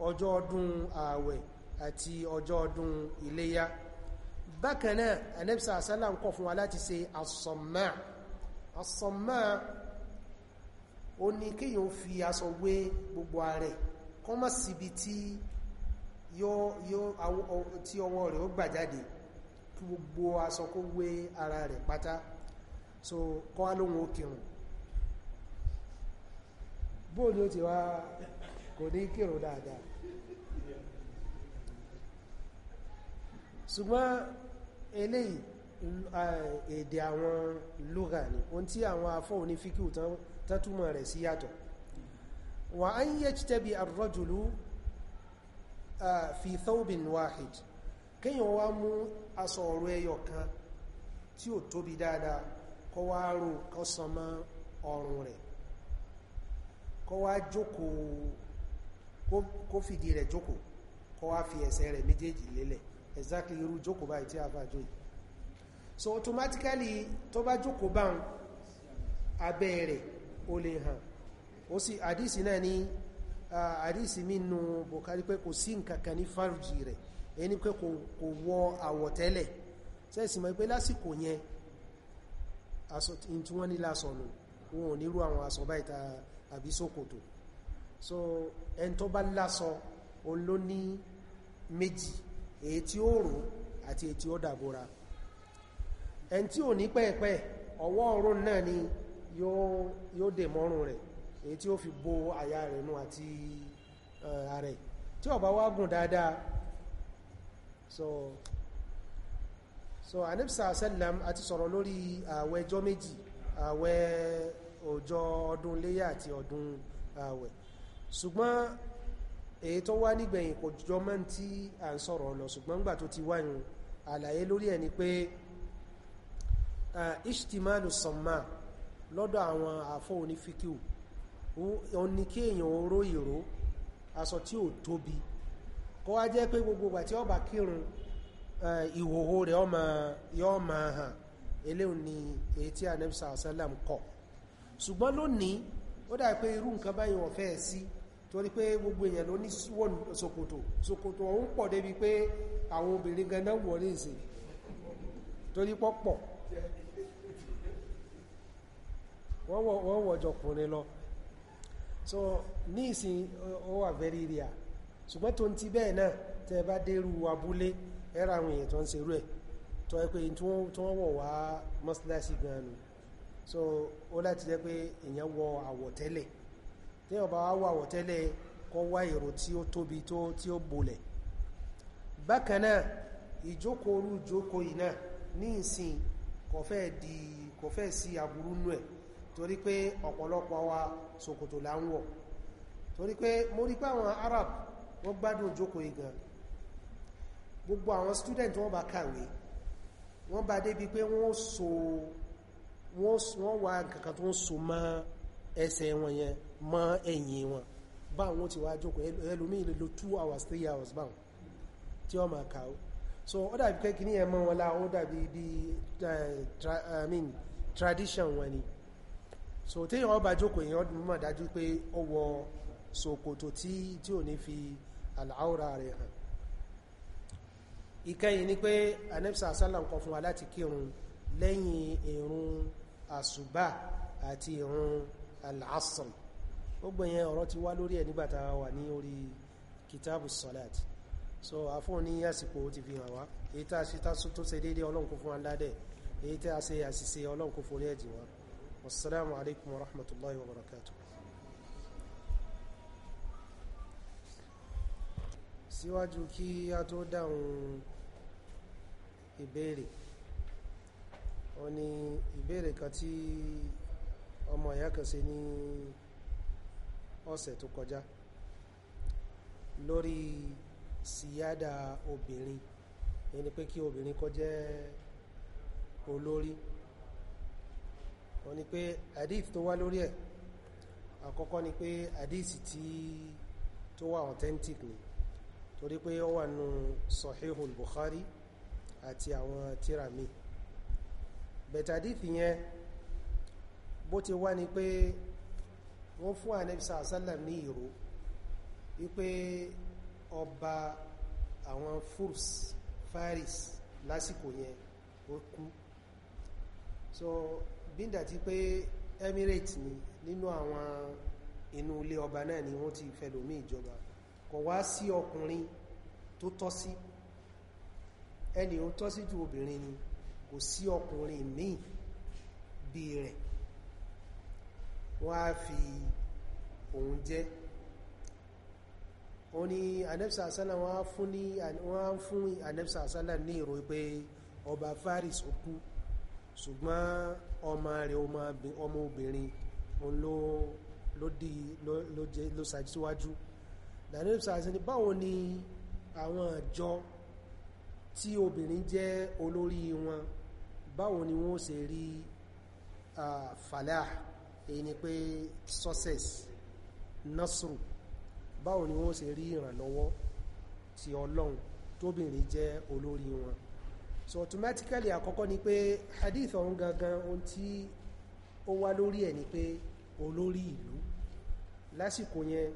ọjọ́ ọdún ààwẹ̀ àti ọjọ́ ọdún iléyá bákanáà àìdẹ́mísà sálàm kọ̀ fún wa láti ṣe fi aṣọ wé gbogbo ààrẹ kọ́mọ̀ síbi tí yóò yóò tí ọwọ́ rẹ̀ ó gbà jáde gbogbo aṣọ kó wé ara rẹ̀ pátá so kọ́ á lóhun bóò ni ó ti wá kò ní kírun dáadáa ṣùgbọ́n eléyìí èdè àwọn lóga ni ohun tí àwọn afọ́ onífíkì tán túmọ̀ rẹ̀ sí yàtọ̀ wà á ń yẹ́ tẹ́bi ar fi thawbin wahid kéyàn wá mú aṣọ ọ̀rọ̀ ẹyọ kan tí ó tóbi dáadáa kó wá rò kó san mọ́ ọrùn rẹ̀ kó wá jókòó kó fìdí rẹ̀ jókòó kó wá fi ẹsẹ̀ rẹ̀ méjèèjì lélẹ̀ exactly irú jókòó báyìí tí a fà jóyìí so automatically tó bá jókòó bá ń abẹ́ rẹ̀ ó lè hàn ó sì àdísì náà ní arisi minnu bukari pe ko si nkan kan ni farji re eni pe ko ko wo awotele se esi mo pe lasiko yen aso in ti won ni laso nu won ni awon aso bayi ta abi sokoto so en to ba laso oloni meji e ti oro ati eti ti odabora en ti oni pe pe owo orun na ni yo morun re èyí tí ó fi bo àyà rẹ̀ nù àti ààrẹ tí ó wá gùn dáadáa so so anibsa sallam àti sọ̀rọ̀ lórí ààwẹ̀ ọjọ́ méjì ààwẹ̀ ọjọ́ ọdún léyà àti ọdún ààwẹ̀ ṣùgbọ́n èyí tó wá nígbẹ̀yìn kò jọ mọ́ tí a ń sọ̀rọ̀ lọ ṣùgbọ́n gbà tó ti wáyùn àlàyé lórí ẹ̀ ni pé ishtimalu sọ̀mà lọ́dọ̀ àwọn àfọ́ onífíkíù òun ni kí èèyàn oró ìró aṣọ tí ò tóbi kó wá jẹ́ pé gbogbo ìgbà tí ó kírun ìhòhò rẹ̀ ma hàn eléhùn ni èyí tí anẹ́bísà ọ̀sẹ́lẹ̀m kọ̀ ṣùgbọ́n lónìí ó dà pé irú nǹkan báyìí wọ́n fẹ́ sí torí pé gbogbo èèyàn ló ní ṣòkòtò ṣòkòtò ọ̀hún pọ̀ débi pé àwọn obìnrin gan náà wọ̀ ìsìn lọ so ní ìsìn ó wà very rare ṣùgbọ́n tó ń ti bẹ́ẹ̀ náà tẹ́ bá dérú abúlé ẹ̀rọ àwọn èèyàn tó ń ṣerú ẹ̀ tó ẹ pé tí wọ́n wọ̀ wá mọ́síláṣí gan nu so ó láti jẹ́ pé èèyàn wọ àwọ̀tẹ́lẹ̀ tí ọba wá wọ àwọ̀tẹ́lẹ̀ kọ́ wá èrò tí ó tóbi tó tí ó bolẹ̀ bákan náà ìjókòó orú ìjókòó yìí náà ní ìsìn kò fẹ́ di kò fẹ́ sí aburú nú ẹ̀ torí pé ọ̀pọ̀lọpọ̀ wa ṣòkòtò là ń wọ̀ torí pé mo rí pé àwọn Arab wọ́n gbádùn jókòó igan gbogbo àwọn student wọ́n bá kàwé wọ́n bá débi pé wọ́n so wọ́n wá nǹkankan tó ń so mọ́ ẹsẹ̀ wọn yẹn mọ́ ẹ̀yìn wọn báwọn wọ́n ti wá jókòó ẹlòmí lo two hours three hours báwọn tí wọ́n máa kàó so ó dàbí pé kí ní ẹmọ wọn láwọn ó dàbí bí eh, tradition wọn ni so téèyàn ọba jókòó èèyàn mọ̀ dájú pé ó wọ ṣòkòtò tí tí ò ní fi àlàáwòrà rẹ̀ hàn ìkẹyìn ni pé anẹ́bísà sálà ń kọ fún wa láti kírun lẹ́yìn ìrun àṣùbà àti ìrun al ó gbẹ̀yẹn ọ̀rọ̀ ti wá lórí ẹ̀ nígbàtà wà ní orí kitabu salat so àfún ní àsìkò ti fi hàn wá èyí tá a ṣe tó ṣe déédéé ọlọ́nkún fún aládẹ̀ èyí tá a ṣe àṣìṣe ọlọ́nkún fún ẹ̀jì wọn والسلام عليكم ورحمة الله وبركاته síwájú kí a tó dáhùn ìbéèrè wọn ni ìbéèrè kan tí ọmọ ìyá kan ṣe ní ọ̀sẹ̀ tó kọjá lórí síyádà obìnrin ẹni pé kí obìnrin kó jẹ́ olórí ó ní pé hadith tó wá lórí ẹ̀ àkọ́kọ́ ni pé hadith tí tó wà authentic ni torí pé ó wà nù sahihul bukhari ati àwọn tíra mi bẹ̀tẹ̀ hadith yẹn bó ti wá ni pé wọ́n fún ànẹ́bísà àsálàm ní ìró wípé ọba àwọn furs faris lásìkò yẹn ó kú so bíndà ti pé Emirates ni nínú àwọn inú ilé ọba náà ni wọ́n ti fẹ̀lòmí ìjọba kò wá sí ọkùnrin tó tọ́ sí ẹni ó tọ́ sí ju obìnrin ni kò sí ọkùnrin míì bí rẹ̀ wọ́n á fi òun jẹ́ ó ní anẹ́bsà àsálà wọ́n á fún ní wọ́n á fún anẹ́bsà àsálà ní ìròyìn pé ọba Faris ó ṣùgbọ́n ọmọ rẹ̀ ọmọ obìnrin òun ló ló di ló jẹ ló ṣàjíṣíwájú daniel sàṣẹ ni báwo ni àwọn àjọ tí obìnrin jẹ́ olórí wọn báwo ni wọ́n ṣe rí falah èyí ni pé success nasru báwo ni wọ́n ṣe rí ìrànlọ́wọ́ ti ọlọ́run tóbìnrin jẹ́ olórí wọn so automatically àkọ́kọ́ ni pé hadith ọ̀hún gangan ohun tí ó wá lórí ẹ̀ ni pé olórí ìlú lásìkò yẹn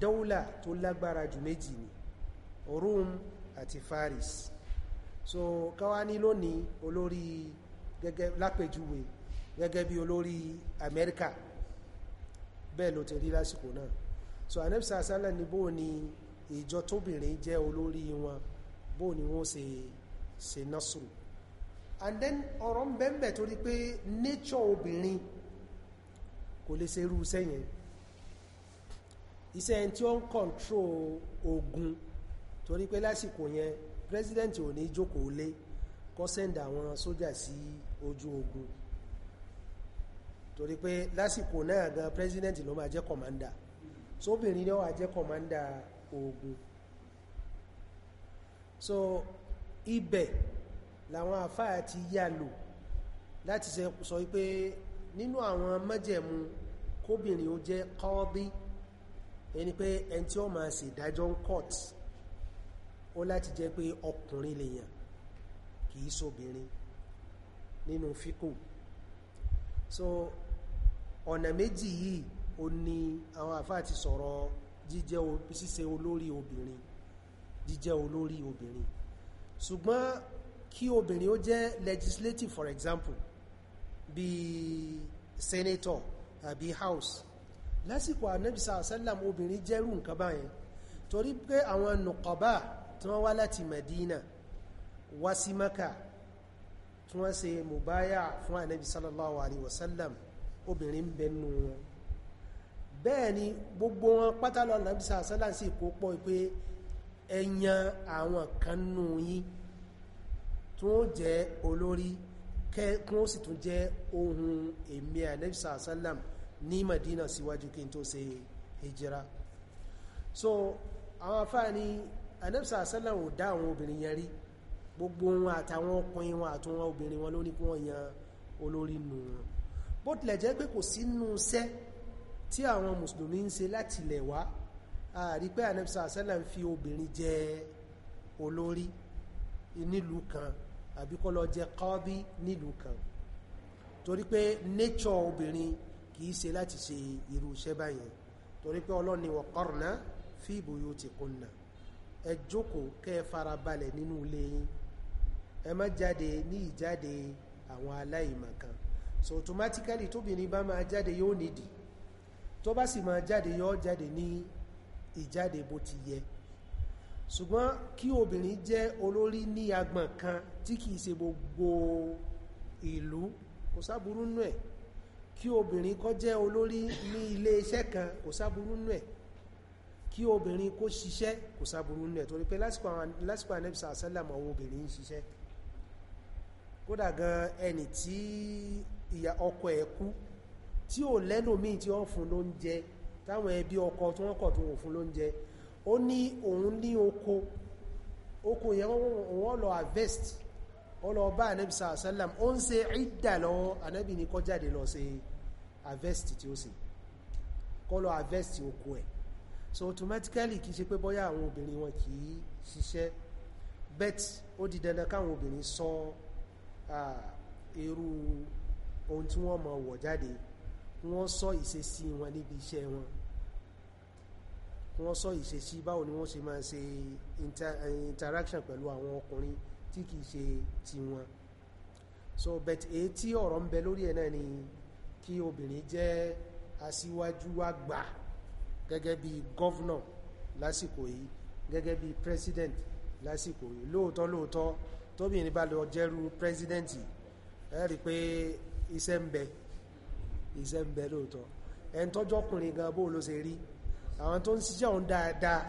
dọ́wùlà tó lágbára jù méjì ni Rome àti Faris so káwá ní lónìí olórí gẹ́gẹ́ lápẹjúwe gẹ́gẹ́ bí olórí Amẹ́ríkà bẹ́ẹ̀ ló ti rí lásìkò náà so anẹ́bísà sálẹ̀ ní bóò ni ìjọ tóbìnrin jẹ́ olórí wọn bóò ni wọ́n ṣe ṣe násùrù and then ọ̀rọ̀ ń bẹ́ẹ̀bẹ̀ torí pé nature obìnrin kò lè ṣe irú iṣẹ́ yẹn iṣẹ́ ẹni tí ó ń control ogun torí pé lásìkò yẹn president ò ní jókòó lé kó sẹ́ndà àwọn sójà sí ojú ogun torí pé lásìkò náà gan president ló máa jẹ́ commander sóbìnrin so, náà wà jẹ́ commander ogun so ibẹ̀ làwọn àfáà ti yà lò láti sọ wípé nínú àwọn májẹ̀mú kóbìnrin ó jẹ́ kọ́ọ́dí ẹni pé ẹni tí ó máa ṣe ìdájọ́ ń court ó láti jẹ́ pé ọkùnrin lèyàn kìí sóbìnrin nínú fíkò so ọ̀nà méjì yìí ó ní àwọn àfáà ti sọ̀rọ̀ jíjẹ́ ṣíṣe olórí obìnrin jíjẹ́ olórí obìnrin ṣùgbọ́n kí obìnrin ó jẹ́ legislative for example bí senator àbí house lásìkò ànẹ́bìsà àṣẹ́làm obìnrin jẹ́rù nǹkan báyẹn torí pé àwọn nùkọ̀bá tí wọ́n wá láti Medina wá sí Maka tí wọ́n ṣe mùbáyà fún ànẹ́bì sallallahu alaihi wasallam obìnrin bẹnu wọn bẹ́ẹ̀ ni gbogbo wọn pátálọ̀ ànẹ́bìsà àṣẹ́làm sì kó pọ̀ pé ẹ̀yàn àwọn kan nù yín tí wọ́n jẹ́ olórí kún ó sì tún jẹ́ ohun èmì ànẹ́bìsà sálàm ní Madina síwájú kí n tó ṣe hijira so àwọn afáà ni ànẹ́bìsà sálàm ò dá àwọn obìnrin yẹn rí gbogbo wọn àtàwọn ọkùnrin wọn àtàwọn obìnrin wọn ló ní kí wọ́n yan olórí nù wọn bó tilẹ̀ jẹ́ pé kò sínú iṣẹ́ tí àwọn mùsùlùmí ń ṣe láti wá àrí pé ànẹ́bísà sẹ́là ń fi obìnrin jẹ olórí nílùú kan àbí kó lọ jẹ kọ́bí nílùú kan torí pé nature obìnrin kìí ṣe láti ṣe irú iṣẹ́ báyẹn torí pé Ọlọ́run ní waqarna fi buyutikunna ẹ jókòó kẹ́ ẹ farabalẹ̀ nínú ilé yín ẹ má jáde ní ìjáde àwọn aláìmọ̀kan so automatically tóbìnrin bá máa jáde yóò nídìí tó bá sì máa jáde yóò jáde ní ìjáde bó ti yẹ ṣùgbọ́n kí obìnrin jẹ́ olórí ní agbọ̀n kan tí kìí ṣe gbogbo ìlú kò sáburú nù ẹ̀ kí obìnrin kó jẹ́ olórí ní ilé iṣẹ́ kan kò sáburú nù ẹ̀ kí obìnrin kó ṣiṣẹ́ kò sáburú nù ẹ̀ torí pé lásìkò anẹ́bìsà àṣálàmù àwọn obìnrin ń ṣiṣẹ́ kódà gan ẹni tí ìyá ẹ̀ kú tí ò lẹ́nu míì tí ó fún lóúnjẹ táwọn ẹbí ọkọ tí wọ́n kọ̀ tó wò fún lóúnjẹ ó ní òun ní oko oko yẹn wọ́n lọ harvest ó lọ bá anabi sàá sálàm ó ń ṣe ìdà lọ́wọ́ anabi ní kó lọ ṣe harvest tí ó ṣe kó lọ harvest oko ẹ̀ so automatically kì í ṣe pé bóyá àwọn obìnrin wọn kì í ṣiṣẹ́ bet ó di dandan káwọn obìnrin sọ irú ohun tí wọ́n mọ̀ wọ̀ jáde wọ́n sọ ìṣesí wọn níbi iṣẹ́ wọn wọ́n sọ ìṣesí báwo ni wọ́n ṣe máa ṣe interaction pẹ̀lú àwọn ọkùnrin tí kìí ṣe tiwọn so bet èyí tí ọ̀rọ̀ ń bẹ lórí ẹ̀ náà ni kí obìnrin jẹ́ aṣíwájú àgbà gẹ́gẹ́ bí governor lásìkò yìí gẹ́gẹ́ bí president lásìkò yìí lóòótọ́ lóòótọ́ tóbìnrin bá lọ jẹ́rú president ẹ rí pé iṣẹ́ ń bẹ iṣẹ́ ń bẹ lóòótọ́ ẹni tọ́jọ́kùnrin gan bó ló ṣe rí àwọn tó ń ṣiṣẹ́ òun dáadáa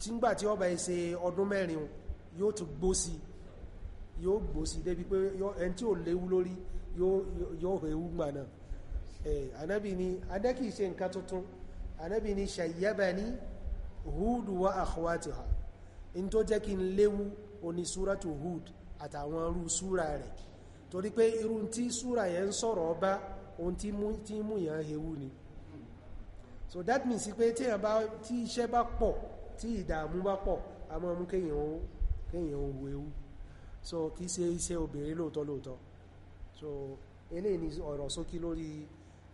tí ń gbà tí ọba ṣe ọdún mẹ́rin yóò tún gbó sí yóò gbó sí débi pé ẹni tí ò léwu lórí yóò hewu gbà náà anabi ni adẹ́kì ṣe nǹkan tuntun anabi ni ṣayyabani hudu wa akhwatiha in tó jẹ́ kí n léwu oní súratu hud àtàwọn irú súra rẹ̀ torí pé irú tí súra yẹn ń sọ̀rọ̀ ọba ohun tí mú tí mú yàn ewu ni so that means pé tí yàn bá tí iṣẹ́ bá pọ̀ tí ìdààmú bá pọ̀ a máa mú kéèyàn ó kéèyàn ó wo ewu so kì í ṣe iṣẹ́ obìnrin lóòótọ́ lóòótọ́ so eléyìí ni ọ̀rọ̀ sókí lórí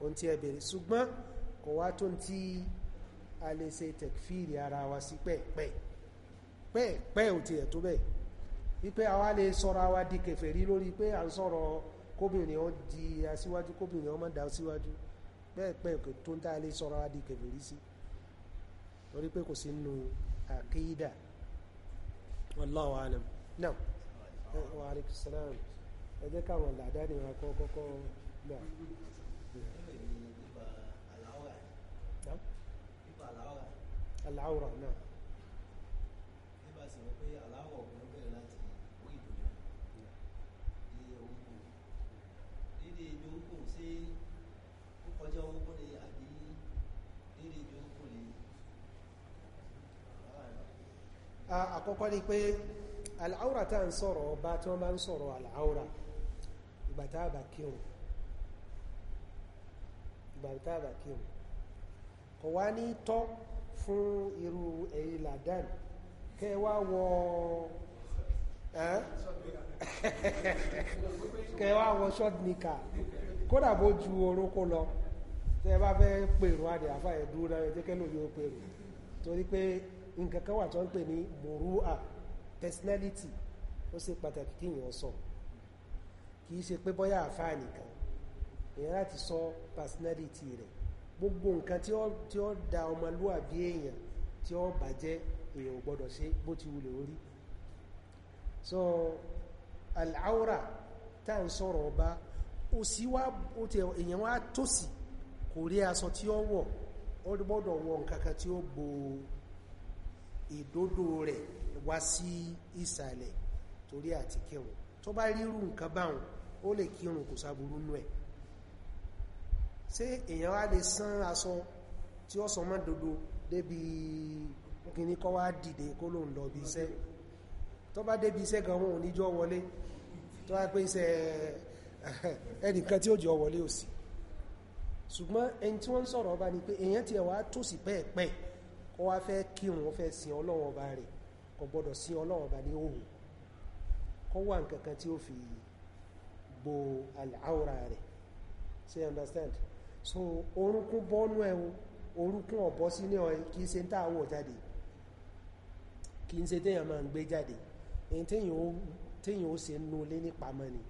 ohun tí ẹ bèrè ṣùgbọ́n kò wá tó ń tí a lè ṣe tẹ̀kfíìrì ara wa sí pẹ́ẹ̀pẹ́ pẹ́ẹ̀pẹ́ ò tiẹ̀ tó bẹ́ẹ̀ wípé àwa lè sọ̀rọ̀ àwa di kèfèrí lórí pé à ń sọ̀rọ̀ kóbìnrin ó di aṣíwájú kóbìnrin ó má da aṣíwájú bẹ́ẹ̀ pẹ́ tó ń tá a lè sọ̀rọ̀ adi kẹfìrí sí torí pé kò sí nínú àkídà wallahu alam náà wa alaikum salam ẹ jẹ́ káwọn làdá ni wọn kọ́kọ́ gbà. aláwòrán náà. dédé ìjókòó ṣé ó kọjá owó kó lè àbí dédé ìjókòó lè. àkọ́kọ́ ni pé àlàáwùrà tá ń sọ̀rọ̀ ọba tí wọ́n bá ń sọ̀rọ̀ àlàáwùrà ìgbà tá a bá kírun wá ní tọ́ fún irú ẹ̀yìn làdán kẹ́ wá wọ ọ́. Eh? [laughs] kẹ wá wọ short nika kódà bó ju orókó lọ tẹ bá fẹ́ pèrò adé àfàyè dúró náà jẹ́ kẹ́lò yóò pèrò torí pé nǹkan kan wà tó ń pè ní mùrúà personality ó ṣe pàtàkì kí èèyàn sọ kì í ṣe pé bóyá àfáà nìkan èèyàn láti sọ personality rẹ̀ gbogbo nǹkan tí ó tí ó da ọmọlúwàbí èèyàn tí ó bàjẹ́ èèyàn ò gbọ́dọ̀ ṣe bó ti wulẹ̀ orí so al'aura tá ń sọ̀rọ̀ ọba ó sì wá ó tẹ èèyàn wá tòsí kò rí aṣọ tí ó wọ̀ ó gbọ́dọ̀ wọ nǹkankan tí ó bo ìdodo rẹ̀ wá sí ìsàlẹ̀ torí àti kírun tó bá ríru nǹkan báhùn ó lè kírun kò sáburú nú ẹ̀ ṣé èèyàn wá lè sán aṣọ tí ó sọ mọ́ dodo débi kíní wá dìde kó lóun lọ bí iṣẹ́ tó bá débi iṣẹ́ gan wọn ò ní jọ wọlé tó bá pé iṣẹ́ [laughs] ẹnìkan tí ó jọ wọlé ò sí ṣùgbọ́n ẹni tí wọ́n ń sọ̀rọ̀ ọba ni pé èèyàn ti ẹ̀wà tó sì pẹ́ẹ̀pẹ́ kó wá fẹ́ kírun fẹ́ sin ọlọ́run ọba rẹ̀ kò gbọ́dọ̀ sin ọlọ́run ọba ní òhun kó wà nǹkankan tí ó fi bo àwòrán rẹ̀ ṣe understand so orúnkún bọ́nú ẹ̀ orúnkún ọ̀bọ sínú ẹ̀ kì í ṣe ń tà wọ̀ jáde kì í ṣe téèyàn máa ń gbé jáde èyí téèyàn ó ṣe nu lé nípa mọ́ ni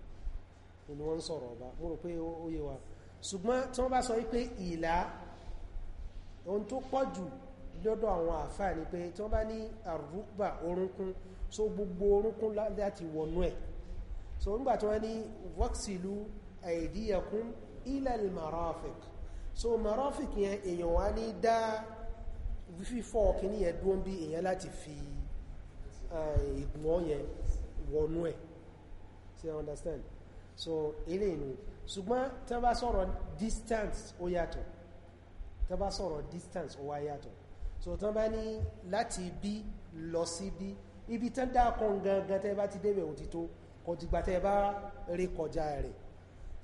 inú wọn sọ̀rọ̀ ọba mo rò pé ó yé wa ṣùgbọ́n tí wọ́n bá sọ wípé ìlà ohun tó pọ̀ jù lọ́dọ̀ àwọn àfáà ni pé tí wọ́n bá ní àrùbà orúnkún so gbogbo orúnkún láti wọnú ẹ̀ so nígbà tí wọ́n ní vọ́ksìlú àìdíyàkún ilal marafik so marafik yẹn èèyàn wá ní dá fífọ́ kìíní yẹn dúró bí èèyàn láti fi ìgbọ́ yẹn wọnú ẹ̀ tí i understand so ilé inú ṣùgbọ́n tẹ́ bá sọ̀rọ̀ distance ó yàtọ̀ tẹ́ bá sọ̀rọ̀ distance ó wá yàtọ̀ so tẹ́ bá ní láti bí lọ sí bí ibi tẹ́ dákan gangan tẹ́ bá ti débẹ̀ òun ti tó kò dìgbà tẹ́ bá rí kọjá rẹ̀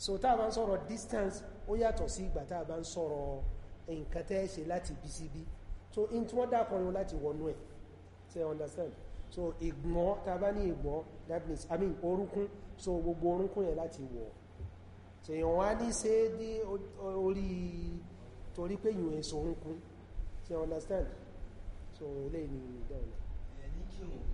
so tá a bá sọ̀rọ̀ distance ó yàtọ̀ sí ìgbà tá a bá ń sọ̀rọ̀ nǹkan tẹ́ ṣe láti bí sí bí so in tí wọ́n dákan yóò láti wọnú ẹ̀ say understand so ìgbọ́n tá a bá ní ìgbọ́n that means i mean orúnkún so gbogbo orúnkún yẹn láti wọ̀ so èèyàn wá ní ṣe é dé orí torí pé yìí ẹ̀ sọ so you understand so eléyìí ni ìdáhùn. ẹ̀ ní kí òun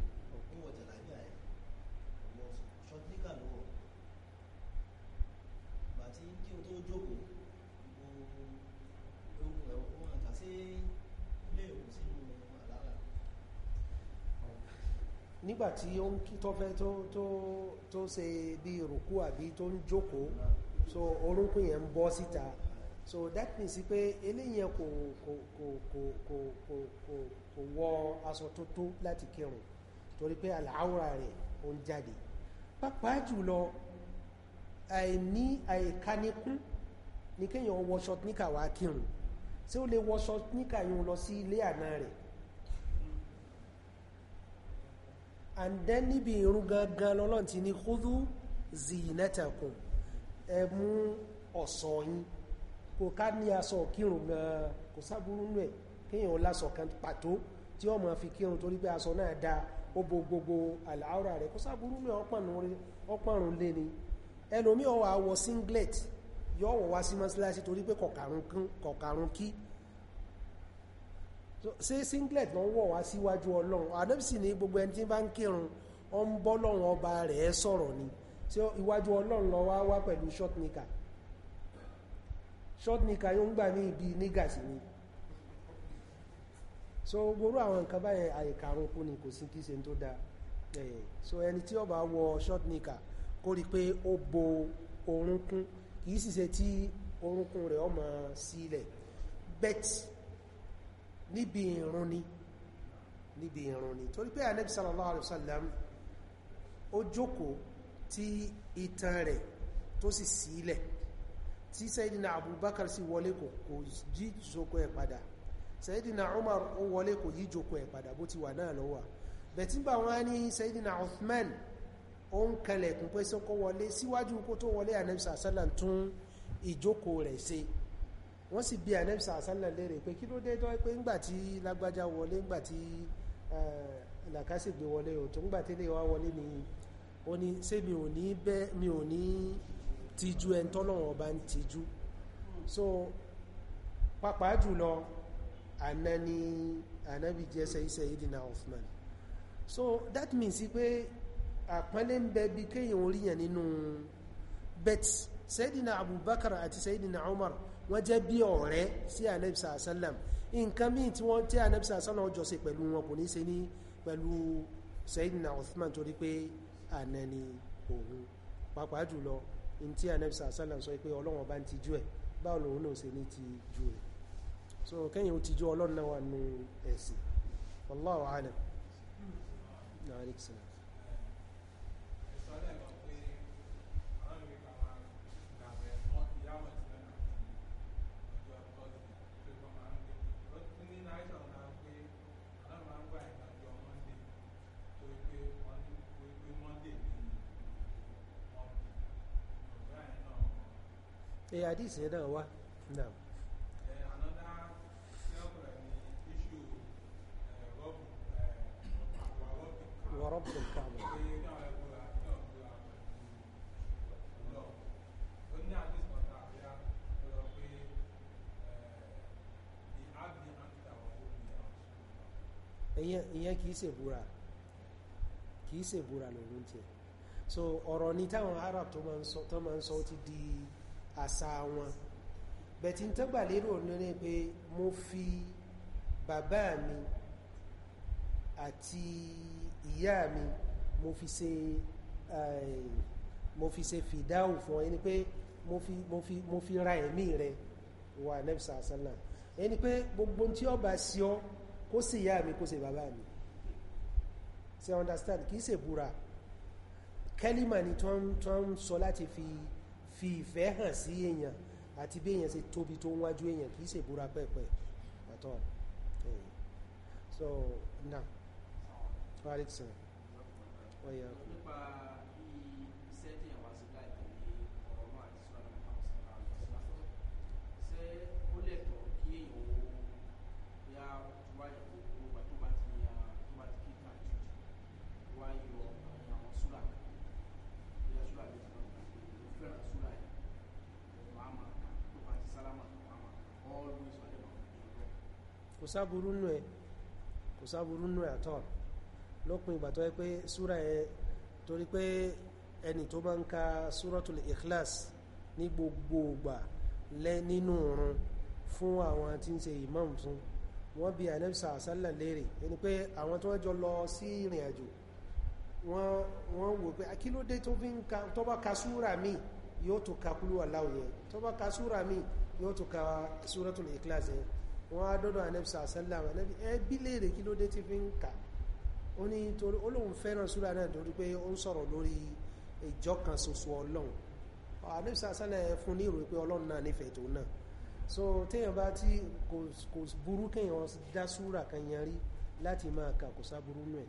nígbàtí ó ń kí tọ́fẹ́ tó tó tó ṣe bí rùkú àbí tó ń jókòó so orúnkún yẹn ń bọ́ síta so that means pé eléyẹn kò kò kò kò kò kò kò kò wọ aṣọ tó tó láti kírun torí pé àlàáwòrà rẹ̀ ó ń jáde pàápàá jùlọ àìní àìkánikún ní kéèyàn wọ ṣọtníkà wá kírun tí ó lè wọ ṣọtníkà yìí lọ sí ilé àná rẹ̀ and then níbi irun gangan lọ́lọ́n ti ní khudhu zinatakum ẹ mú ọ̀ṣọ́ yín kò ká ní aṣọ kírun gan kò sábúrú nù ẹ̀ kéèyàn kan pàtó tí ó fi kírun torí pé aṣọ náà dáa ó bo gbogbo àlàáfíà rẹ̀ kò sábúrú nù ẹ̀ lé ni ẹlòmíì ó wá wọ singlet yóò wọ̀ wá sí mọ́síláṣí torí pé kọ̀kàrún kí ṣé singlet ló wọ̀ wá síwájú ọlọ́run àdẹ́bìsì ní gbogbo ẹni tí bá ń kírun ọ ń bọ́ lọ́run ọba rẹ̀ sọ̀rọ̀ ni ṣé iwájú ọlọ́run lọ wá wá pẹ̀lú shortnika shortnika short nika yóò ń gbà ní ibi nígà sí ni so gbogbo àwọn nǹkan báyẹn àìkàrún kú ni kò sí kí ṣe tó dáa so ẹni tí ó bá wọ short nika kó rí pé ó bo orúnkún kì í sì ṣe tí orúnkún rẹ̀ ó máa sílẹ̀ bẹ́ẹ̀ níbi ìrun ni níbi ìrun ni torí pé Ànábì sallallahu alaihi wasallam ó jókòó tí na rẹ̀ tó Sayyidina Abubakar si wọlé kò jí jókòó ẹ̀ padà Sayyidina Umar ó wọlé kò yí jókòó ẹ̀ padà bó ti wà náà lọ́wọ́ bẹ̀tígbà wọn ní Sayyidina Uthman ó ń kalẹ̀kùn pé sọ́kọ́ wọlé síwájú kó tó wọlé Ànábì sallallahu wọ́n sì bí anẹ́bísà àsálà lérè pé kí ló dé tó pé ńgbà tí lágbájá wọlé ńgbà tí làkásì gbé wọlé ò tó ńgbà tí wá wọlé ni ó ní ṣé mi ò ní bẹ́ mi ò ní tijú ẹni tọ́lọ́wọ́n ọba ń tijú so pàápàá jùlọ àná ni ànábì jẹ́ sẹ́yísẹ́ ìdínà Uthman so that means pé àpọ́nlé ń bẹ bí kéèyàn oríyàn nínú bet sẹ́yìdínà Abubakar àti sẹ́yìdínà Omar wọ́n jẹ́ bí ọ̀rẹ́ sí anabisa asalam nǹkan míì tí wọ́n tẹ́ anabisa asalam ọjọ́ ṣe pẹ̀lú wọn kò ní ṣe ní pẹ̀lú Sayyidina Uthman torí pé àna ni òun pàápàá jùlọ n tí anabisa asalam sọ pé ọlọ́wọ́n bá ń tijú ẹ̀ báwo lòun náà ṣe ní ti ju rẹ̀ so kẹ́yìn ó tijú ọlọ́run náà wà nù ẹ̀sìn wallahu alam. Aleykum ẹ̀ àdìsí náà wá náà. ورب الكعبة ìyẹn kìí ṣe búra kìí ṣe búra lòun tiẹ̀ so ọ̀rọ̀ ni táwọn Arab tó máa ń sọ ó ti di àṣà wọn bẹ̀tí tó gbà lérò lórí pé mo fi bàbá mi àti ìyá mi mo fi ṣe eh, mo fi ṣe fìdáhùn fún ẹni pé mo fi mo fi mo fi ra ẹ̀mí rẹ wà nẹ́bìsà àṣálà ẹni pé gbogbo tí ọba sí ọ kó sì ìyá mi kó sì bàbá mi ṣe understand kìí ṣe búra kẹ́límà ni tó ń sọ láti fi fi ìfẹ́ hàn sí èèyàn àti bí èèyàn ṣe tóbi tó wájú èèyàn kì í ṣe búra pẹ́pẹ́ àtọ́ so now alex ọ̀yà. nípa kò sáburú nù ẹ kò sáburú nù ẹ àtọ lópin ìgbà tó yẹ pé súra yẹn torí pé ẹni tó bá ń ka súratul ikhlas ní gbogbo ìgbà lẹ nínú òrun fún àwọn tí ń ṣe imam fún wọn bí anabisa asálà léèrè ẹni pé àwọn tó wọn jọ lọ sí ìrìn àjò wọn wọn wò pé kí ló dé tó fi ń ka tó bá ka súra míì yóò tó ka kúlú aláwọ tó bá ka súra míì yóò tó ka súratul ikhlas yẹn wọ́n á dọ́dọ̀ anabi sàṣẹ́lá anabi ẹ bí léèrè kí ló dé ti fi ń kà ó ní torí ó lóun fẹ́ràn súra náà torí pé ó ń sọ̀rọ̀ lórí ìjọ kan ṣoṣo ọlọ́run anabi sàṣẹ́lá ẹ fún ní ìròyìn pé ọlọ́run náà nífẹ̀ẹ́ tó náà so téèyàn bá tí kò burú kéèyàn dá súra kan yanrí láti máa kà kò sá burú nù ẹ̀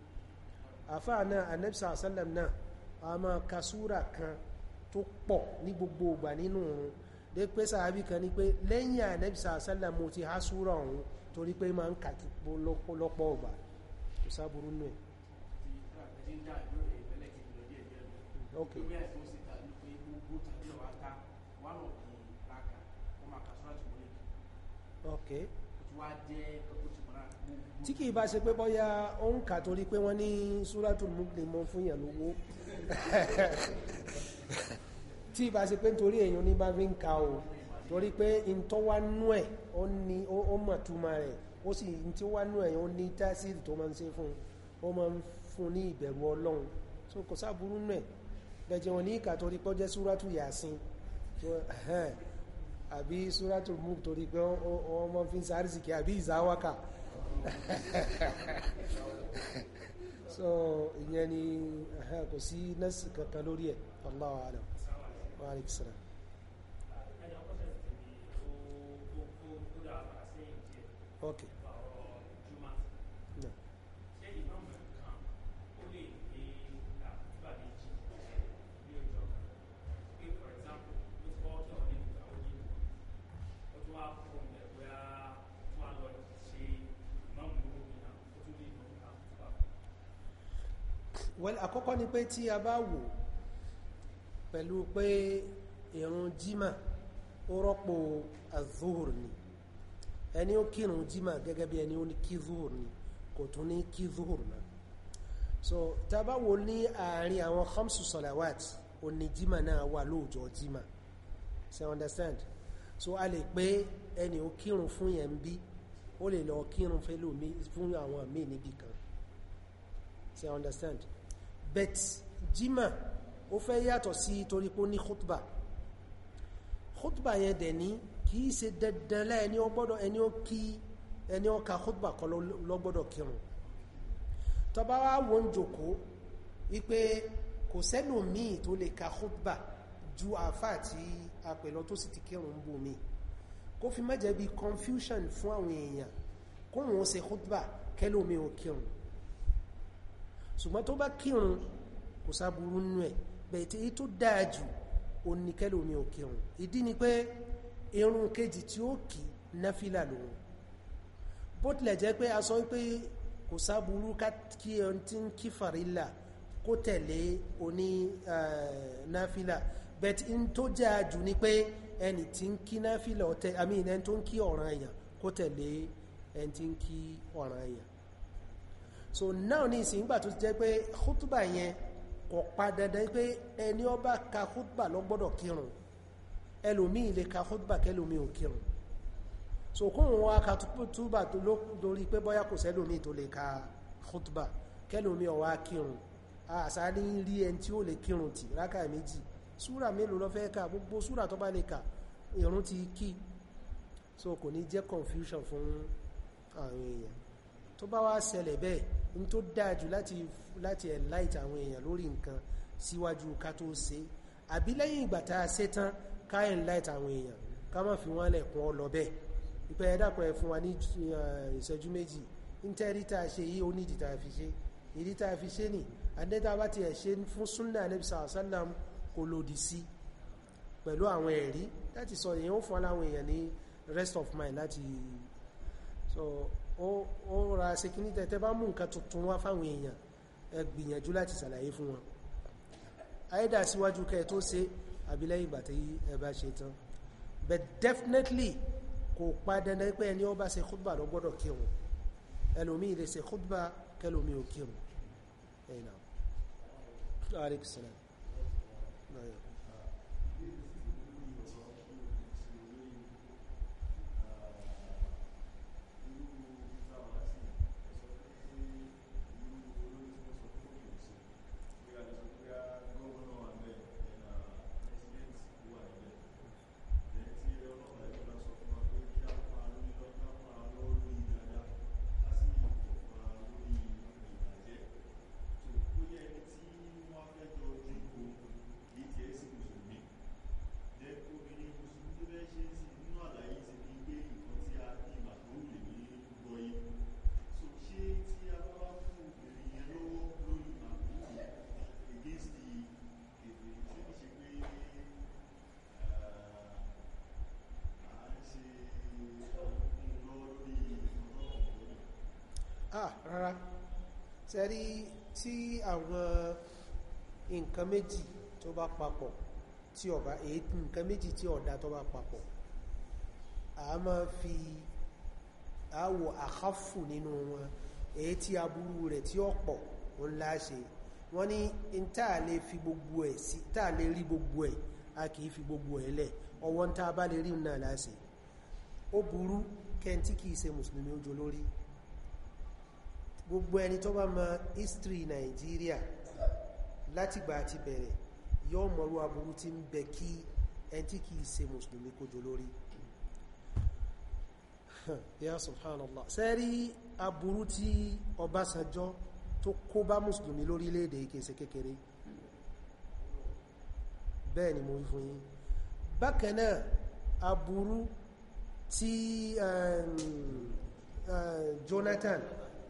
àfáà náà anabi sàṣẹ́lá náà a máa ka súra kan tó pọ̀ ní gbogbo ìgbà nínú òun dé pé sàábì kan ní pé lẹ́yìn ànábì sàásálà mo ti há súrà ọ̀hún torí pé máa ń kà lọ́pọ̀ ọ̀gbà kò sáburú nù ẹ̀ okay okay tí kìí bá ṣe pé bọ́yá ó ń kà torí pé wọ́n ní súrátù múlẹ̀ fún ìyàn [laughs] tí ìbá ṣe pé nítorí èèyàn ní bá fi ń ka o torí pé ìtọ́wánú ẹ̀ ó ní ó mọ̀ túmọ̀ rẹ̀ ó sì ìtọ́wánú ẹ̀ ó ní tásìrì tó máa ń ṣe fún ó máa ń fún ní ìbẹ̀rù ọlọ́run so kò sáburú náà gẹ̀jẹ̀ wọn ní ìkà torí pé ó jẹ́ súrátù yàsín àbí súrátù múk torí pé wọ́n máa fi ń sáré sìkì àbí ìzáwákà [laughs] so ìyẹn ni kò sí nọ́ọ̀sì kankan lórí ẹ̀ Allahu Wa alaikum Okay. well àkọ́kọ́ ni pé tí a bá wò pẹ̀lú pé ìrun jímà ó rọ́pò azuhur ni ẹni ó kírun jímà gẹ́gẹ́ bí ẹni ó ní kí zuhur ni kò tún ní kí zuhur náà so tabawo ní àárín àwọn khamsu salawat ó ní jímà náà wà lóòjọ́ jímà so understand so a lè pé ẹni ó kírun fún yẹn bí ó lè lọ kírun fún àwọn míì níbì kan so understand bet jímà ó fẹ́ yàtọ̀ sí torí pé ní khutba khutba yẹn dẹ̀ ní kì í ṣe dandanlá ẹni ó gbọ́dọ̀ ẹni ó kí ẹni ó ka khutba kọ́ ló gbọ́dọ̀ kírun tó bá wá wọ́n jòkó wípé kò sẹ́lò míì tó lè ka khutba ju àfá àti apẹ̀lọ tó sì ti kírun ń bò mí kó fi má jẹ́ confusion fún àwọn èèyàn kó wọ́n ṣe khutba kẹ́lómi ò kírun ṣùgbọ́n tó bá kírun kò sáburú nú ẹ̀ but èyí tó dáa jù oníkẹ́lò mi ò kírun ìdí ni pé irun kejì tí ó kì náfílà lòun bó tilẹ̀ jẹ́ pé a sọ pé kò sáburú kí ẹni tí ń kí farilla kó tẹ̀lé oní náfílà but in tó dáa jù ni pé ẹni tí ń kí náfílà ọ̀tẹ́ àmì ẹni tó ń kí ọ̀ràn èèyàn kó tẹ̀lé ẹni tí ń kí ọ̀ràn èèyàn so now ní ìsìn ìgbà tó jẹ́ pé khutba yẹn kò pa dandan pé ẹni ọba ka khutba ló gbọ́dọ̀ kírun ẹlòmíì lè ka khutba kẹlòmíì ò kírun so kún wọn a ka túbà lórí pé bóyá kò sẹ́lòmíì tó lè ka khutba kẹlòmíì ó wá kírun àṣà ní rí ẹni tí ó lè kírun tì rákà méjì súrà mélòó ló fẹ́ ka gbogbo súrà tó bá lè ka ìrun ti kí so kò ní jẹ́ confusion fún àwọn èèyàn tó bá wá ṣẹlẹ̀ bẹ́ẹ̀ n tó dájú láti láti enlight àwọn èèyàn lórí nǹkan síwájú ká tó ṣe àbí lẹ́yìn ìgbà tá a ṣe tán ká enlight àwọn èèyàn ká má fi wọ́n lẹ̀kùn ọ lọ bẹ́ẹ̀ ìpẹ́ ẹ̀dàpọ̀ ẹ̀ fún wa ní ìṣẹ́jú méjì nítorí tá a ṣe yí ó nídìí tá a fi ṣe ìdí fi ṣe nì àdẹ́ta bá ti ẹ̀ fún súnà Ànábì sàásálàm kò lòdì sí pẹ̀lú àwọn ẹ̀rí láti sọ èèyàn ó fún aláwọn èèyàn ní rest of mind láti so, ó ra ṣe kí ní tẹ́tẹ́ bá mú nǹkan tuntun wá fáwọn èèyàn ẹ gbìyànjú láti ṣàlàyé fún wọn àyẹ́dà síwájú kẹ tó ṣe àbí ìgbà tí ẹ bá ṣe tán but definitely kò pa dandan pé ẹni ó bá ṣe khutba ló gbọ́dọ̀ kírun ẹlòmí lè ṣe khutba kẹlòmí ò kírun ẹ̀yìn náà sẹ́rí tí àwọn nǹkan méjì tó bá papọ̀ tí ọba èyí nǹkan méjì tí ọ̀dá tó bá papọ̀ a máa fi àwọ̀ àkáfù nínú wọn èyí tí aburú rẹ̀ tí ó pọ̀ ń láṣe wọ́n ní táà lè fi gbogbo ẹ̀ sí táà lè rí gbogbo ẹ̀ a kìí fi gbogbo ẹ̀ lẹ̀ ọwọ́ ń táà bá lè rí náà láṣe ó burú kẹ́ntí kìí ṣe mùsùlùmí ojú lórí gbogbo ẹni tó bá mọ history Nigeria látìgbà ti bẹ̀rẹ̀ yóò mọ̀rú aburú tí ń bẹ kí ẹni tí kìí ṣe mùsùlùmí kójò lórí [laughs] ya subhanallah sẹ́rí aburú tí Ọbásanjọ́ tó kó bá mùsùlùmí lórílẹ̀-èdè ìkèsè kékeré bẹ́ẹ̀ ni mo wí fún yín bákanáà aburú tí um, uh, Jonathan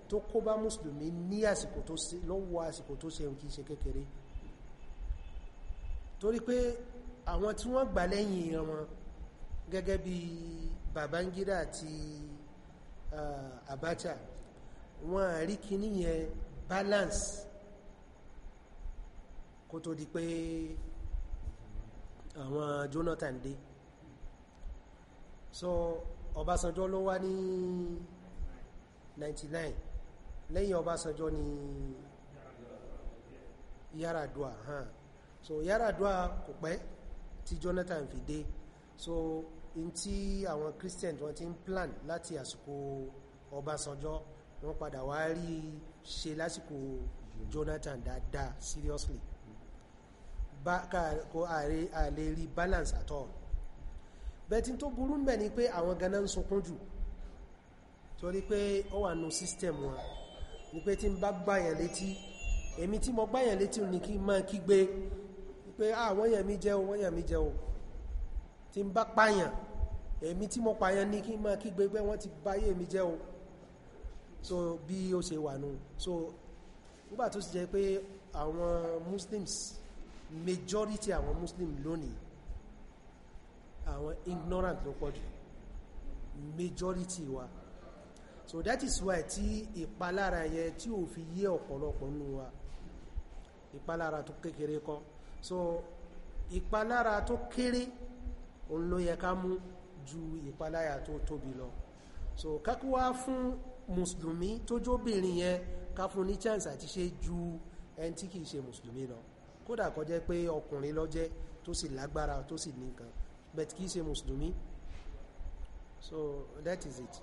tó kó bá mùsùlùmí ní àsìkò tó ṣe lọ́wọ́ àsìkò tó ṣe kìí ṣe kékeré torí pé àwọn tí wọ́n gbà lẹ́yìn wọn gẹ́gẹ́ bí Babangida àti Abacha wọ́n rí kíní yẹn balance kó tó di pé àwọn Jonathan dé so Ọbásanjọ́ ló wá ní 99 lẹ́yìn Ọbásanjọ́ ni Yar'Adua hàn so Yar'Adua kò pẹ́ tí Jonathan fi dé so in tí àwọn Christians wọ́n ti ń plan láti àsìkò Ọbásanjọ́ wọ́n padà wá rí ṣe lásìkò Jonathan dáadáa seriously ba ká kó àlè rí balance at all bẹ̀tí tó burú mẹ́ ni pé àwọn ganan ń sunkún jù torí pé ó wà nù system wọn wípé tí ń bá gbáyàn létí èmi tí mo gbáyàn létí ní kí máa kígbe pé ah wọ́n yàn mí jẹ o wọ́n yàn mí jẹ o tí ń bá pààyàn èmi tí mo pààyàn ní kí máa kígbe pé wọ́n ti báyé mi jẹ o so bí ó ṣe wà nù so nígbà tó sì jẹ́ pé àwọn muslims majority àwọn muslim lónìí àwọn ignorant ló pọ̀jù majority wa. Wow so that is why tí ìpalára yẹn tí ò fi yé ọ̀pọ̀lọpọ̀ nù wa ìpalára tó kékeré kọ́ so ìpalára tó kéré òun ló yẹ ká mú ju ìpalára tó tóbi lọ so kákúwá fún mùsùlùmí tó jóbìnrin yẹn ká fún ní chance àti ṣe ju ẹni tí kìí ṣe mùsùlùmí lọ kódà kó jẹ́ pé ọkùnrin ló jẹ́ tó sì lágbára tó sì nìkan but kìí ṣe mùsùlùmí so that is it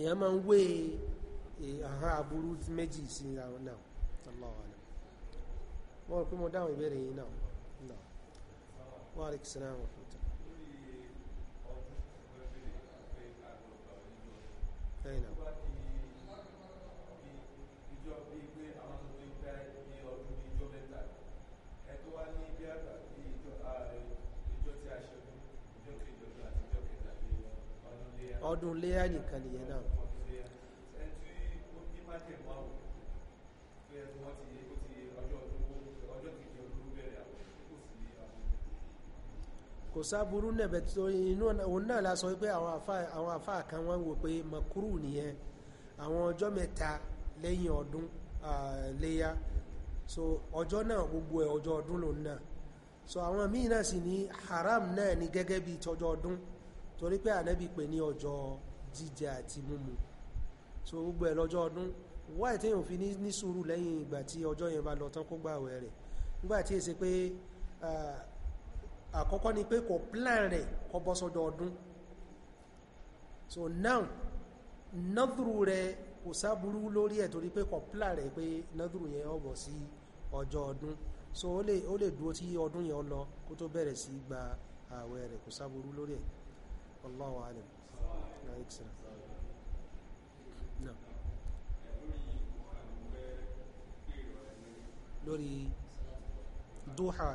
èèyàn máa ń wé e, àhán aburú méjì sí náà Allahu alam wọ́n rò pé mo dáhùn ìbéèrè yìí náà náà wọ́n rí ọdún léyà nìkan nìyẹn náà kò sáburú nẹ̀bẹ̀ tó inú òun náà la sọ pé àwọn àfà àwọn àfà kan wọ́n wò pé mọ̀kúrú nìyẹn àwọn ọjọ́ mẹ́ta lẹ́yìn ọdún léyà so ọjọ́ náà gbogbo ẹ̀ ọjọ́ ọdún lòun náà so àwọn míì náà sì ní haram náà ni gẹ́gẹ́ bí tọjọ́ ọdún torí pé ànábì pè ní ọjọ́ jíjẹ àti mímu so gbogbo ẹ̀ lọ́jọ́ ọdún wáyé téèyàn fi ní sùúrù lẹ́yìn ìgbà tí ọjọ́ yẹn bá lọ tán kó gbààwẹ̀ rẹ̀ nígbà tí èsì pé àkọ́kọ́ ni pé kò plan rẹ̀ kọ bọ́ so now nọ́dúrú rẹ̀ kò sáburú lórí ẹ̀ torí pé plan rẹ̀ pé nọ́dúrú yẹn ó bọ́ sí ọjọ́ ọdún so ó lè ó lè dúró tí ọdún yẹn lọ kó tó bẹ̀rẹ̀ sí gba ààwẹ̀ rẹ̀ kò sáburú lórí ẹ̀ lórí duha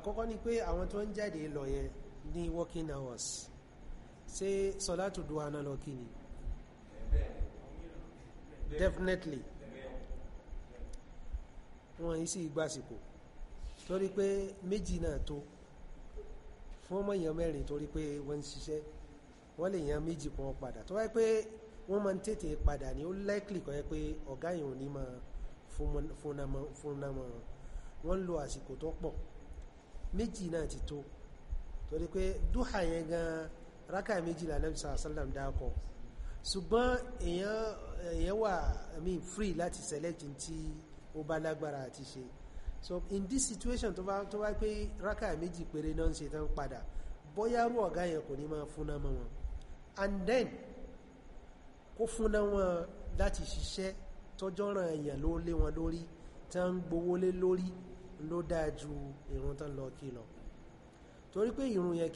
àkọ́kọ́ ni pé àwọn tó ń jáde lọ yẹn ní working hours ṣé sọ́látù duha náà lọ kí ni definitely wọ́n yìí sì gbàsìkò torí pé méjì náà tó fún ọmọ èèyàn mẹ́rin torí pé wọ́n ń ṣiṣẹ́ wọ́n lè yan méjì kan padà tó wáyé pé wọ́n máa ń tètè padà ní ó likely kọ́ yẹ pé ọ̀gá yìí ò ní máa fúnnamọ́ wọ́n ń lo àsìkò tó pọ̀ méjì náà ti tó torí pé dúhà yẹn gan rákà méjì là nàbì sallallahu alaihi dákọ ṣùgbọ́n èèyàn wà i mean free láti select tí ó bá lágbára àti ṣe so in this situation tó bá tó bá pé rákà méjì péré náà ń ṣe tán padà bóyá rú ọ̀gá yẹn kò ní máa fúnná mọ́ wọn and then kó fúnná wọn láti ṣiṣẹ́ tọ́jọ́ràn èèyàn ló lé wọn lórí tán gbowó lé lórí ló dáa ju ìrun tán lọ kí lọ torí pé ìrun yẹn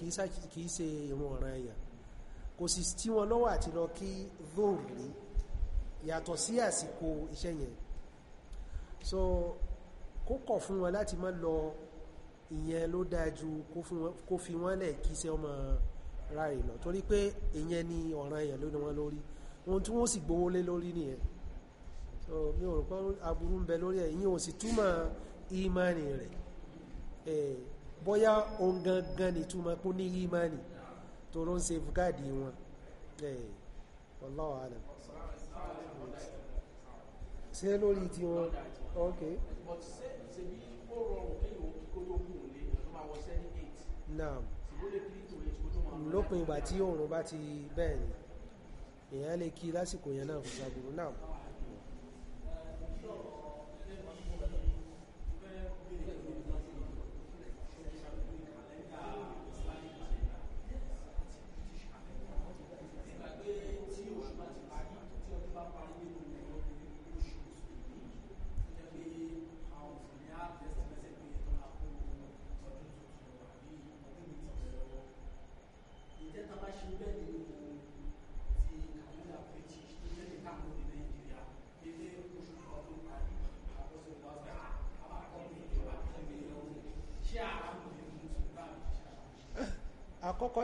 kìí ṣe ìrun ọ̀ràn èèyàn kò sì tí wọn lọ́wọ́ àti lọ kí lóòrí yàtọ̀ sí àsìkò iṣẹ́ yẹn so kó kọ̀ fún wọn láti má lọ ìyẹn ló dáa ju kó fi wọ́n lẹ̀ kí iṣẹ́ ọmọ ráre lọ torí pé ìyẹn ni ọ̀ràn èèyàn ló ní wọn lórí ohun tí wọ́n sì gbówó lé lórí nìyẹn so mi ò rò pé aburú ń bẹ lórí ẹ̀ ìyẹn ò sì túmọ̀ ìmánì rẹ̀ bóyá ohun gangan ni túmọ̀ kó ní ìmánì tó ló ń safeguardi wọn wallahu alam ṣe lórí tí wọn ok. naam lópin ìgbà tí oòrùn bá ti bẹ́ẹ̀ ni èèyàn lè kí lásìkò yẹn náà fún ṣàgbọ̀n náà.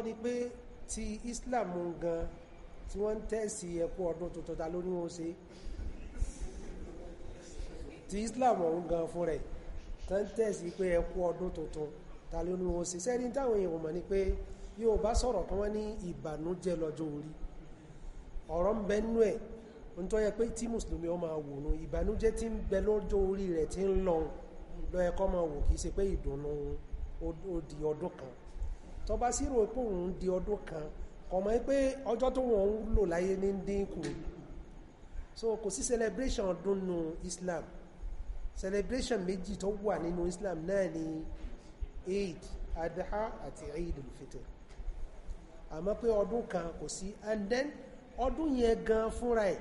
àkọ́kọ́ ni pé ti Islam gan tí wọ́n ń tẹ́sí ẹkú ọdún tuntun ta ló ní wọ́n ṣe ti Islam ọ̀hún gan fún rẹ̀ tó ń tẹ́sí pé ẹkú ọdún tuntun ta ló ní wọ́n ṣe sẹ́ni táwọn èèyàn mọ̀ ni pé yóò bá sọ̀rọ̀ kan wọ́n ní ìbànújẹ́ lọ́jọ́ orí ọ̀rọ̀ ń bẹ nú ẹ̀ ń tọ́ yẹ pé tí mùsùlùmí ọ máa wò nú ìbànújẹ́ tí ń bẹ lọ́jọ́ orí rẹ̀ tí ń lọ lọ́yẹ máa wò kìí ṣe pé ìdùnnú ó ọdún kan tó bá sí rò pé òun di ọdún kan kò mọ̀ pé ọjọ́ tó wọ́n ń lò láyé ní dínkù so kò sí celebration ọdún nu Islam celebration méjì tó wà nínú Islam náà ni Eid Adha àti Eid al-Fitr àmọ́ pé ọdún kan kò sí and then ọdún yẹn gan fúnra ẹ̀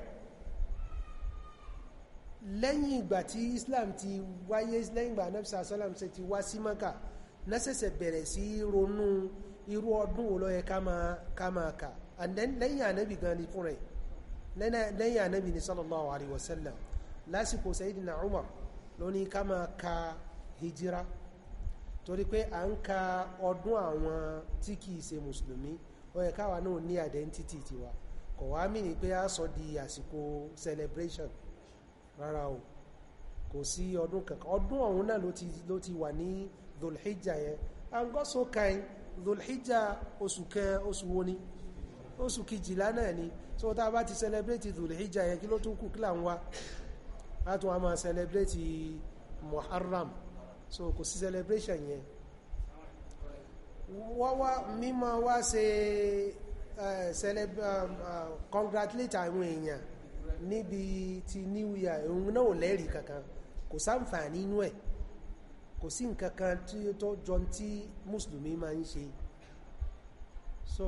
lẹ́yìn ìgbà tí Islam ti wáyé lẹ́yìn ìgbà anabisa salam ṣe ti wá sí Maka lẹ́sẹ̀sẹ̀ bẹ̀rẹ̀ sí ronú irú ọdún wo ló yẹ ká máa kà and then lẹ́yìn ànábì gan ni fún rẹ̀ lẹ́yìn ànábì ni sallallahu alayhi wa sallam lásìkò sayidina umar ló ní ka hijira torí pé à ń ka ọdún àwọn tí kìí ṣe mùsùlùmí ó yẹ káwa náà ní identity tiwa kò wá mí ni pé a sọ di àsìkò celebration rárá o kò sí ọdún kankan ọdún ọ̀hún náà ló ti wà ní dùlhíjà yẹn and God so kind dùlhíjà oṣù kẹ oṣù wo ni ni so tá a bá ti celebrate dùlhíjà yẹn kí ló tún kù kí là ń wá a tún wá máa celebrate muharram so kò sí celebration yẹn wáwá mímọ̀ wá ṣe congratulate àwọn èèyàn níbi ti new year òun náà ò lẹ́rìí kankan kò sáǹfààní inú ẹ̀ kò sí nǹkan kan tí ó tó jọ tí mùsùlùmí máa ń ṣe so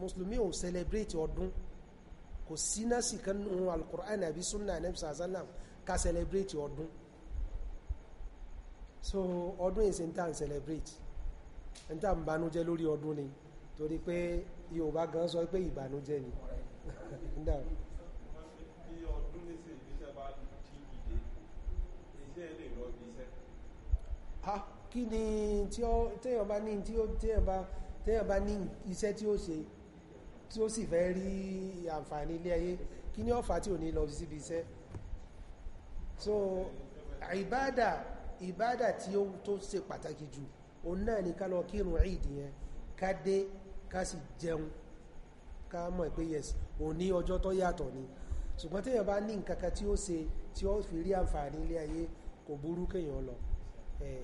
mùsùlùmí ò celebrate ọdún kò sí násì kan nù alukur'an àbí sunna anabi sallam ká celebrate ọdún so ọdún yìí ṣe ń tà ń celebrate ń tà ń banújẹ́ lórí ọdún ni torí pé yorùbá gan sọ pé ìbànújẹ́ ni. [laughs] ha kí ni tí ó téèyàn bá ní tí ó téèyàn bá téèyàn bá ní iṣẹ́ tí ó ṣe tí ó sì fẹ́ rí àǹfààní ilé ayé kí ni ó fà tí ò ní lọ síbi iṣẹ́ so ìbádà ìbádà tí ó tó ṣe pàtàkì jù òun náà ni ká lọ kírun ìdí yẹn ká dé ká sì jẹun ká mọ̀ pé yes òun ní ọjọ́ tó yàtọ̀ ni ṣùgbọ́n téèyàn bá ní nǹkan kan tí ó ṣe tí ó fi rí àǹfààní ilé ayé kò burú kéèyàn lọ Eh,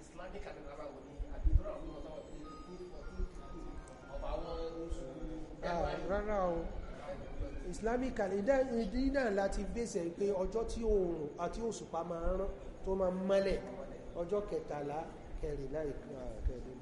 Islamic àdàbà ah, rárá o Islamic ìdí náà láti bèsè pé ọjọ́ tí oòrùn àti òṣùpá máa rán tó máa mọ́lẹ̀ ọjọ́ kẹtàlá kẹrìnlá ìkẹrìnlá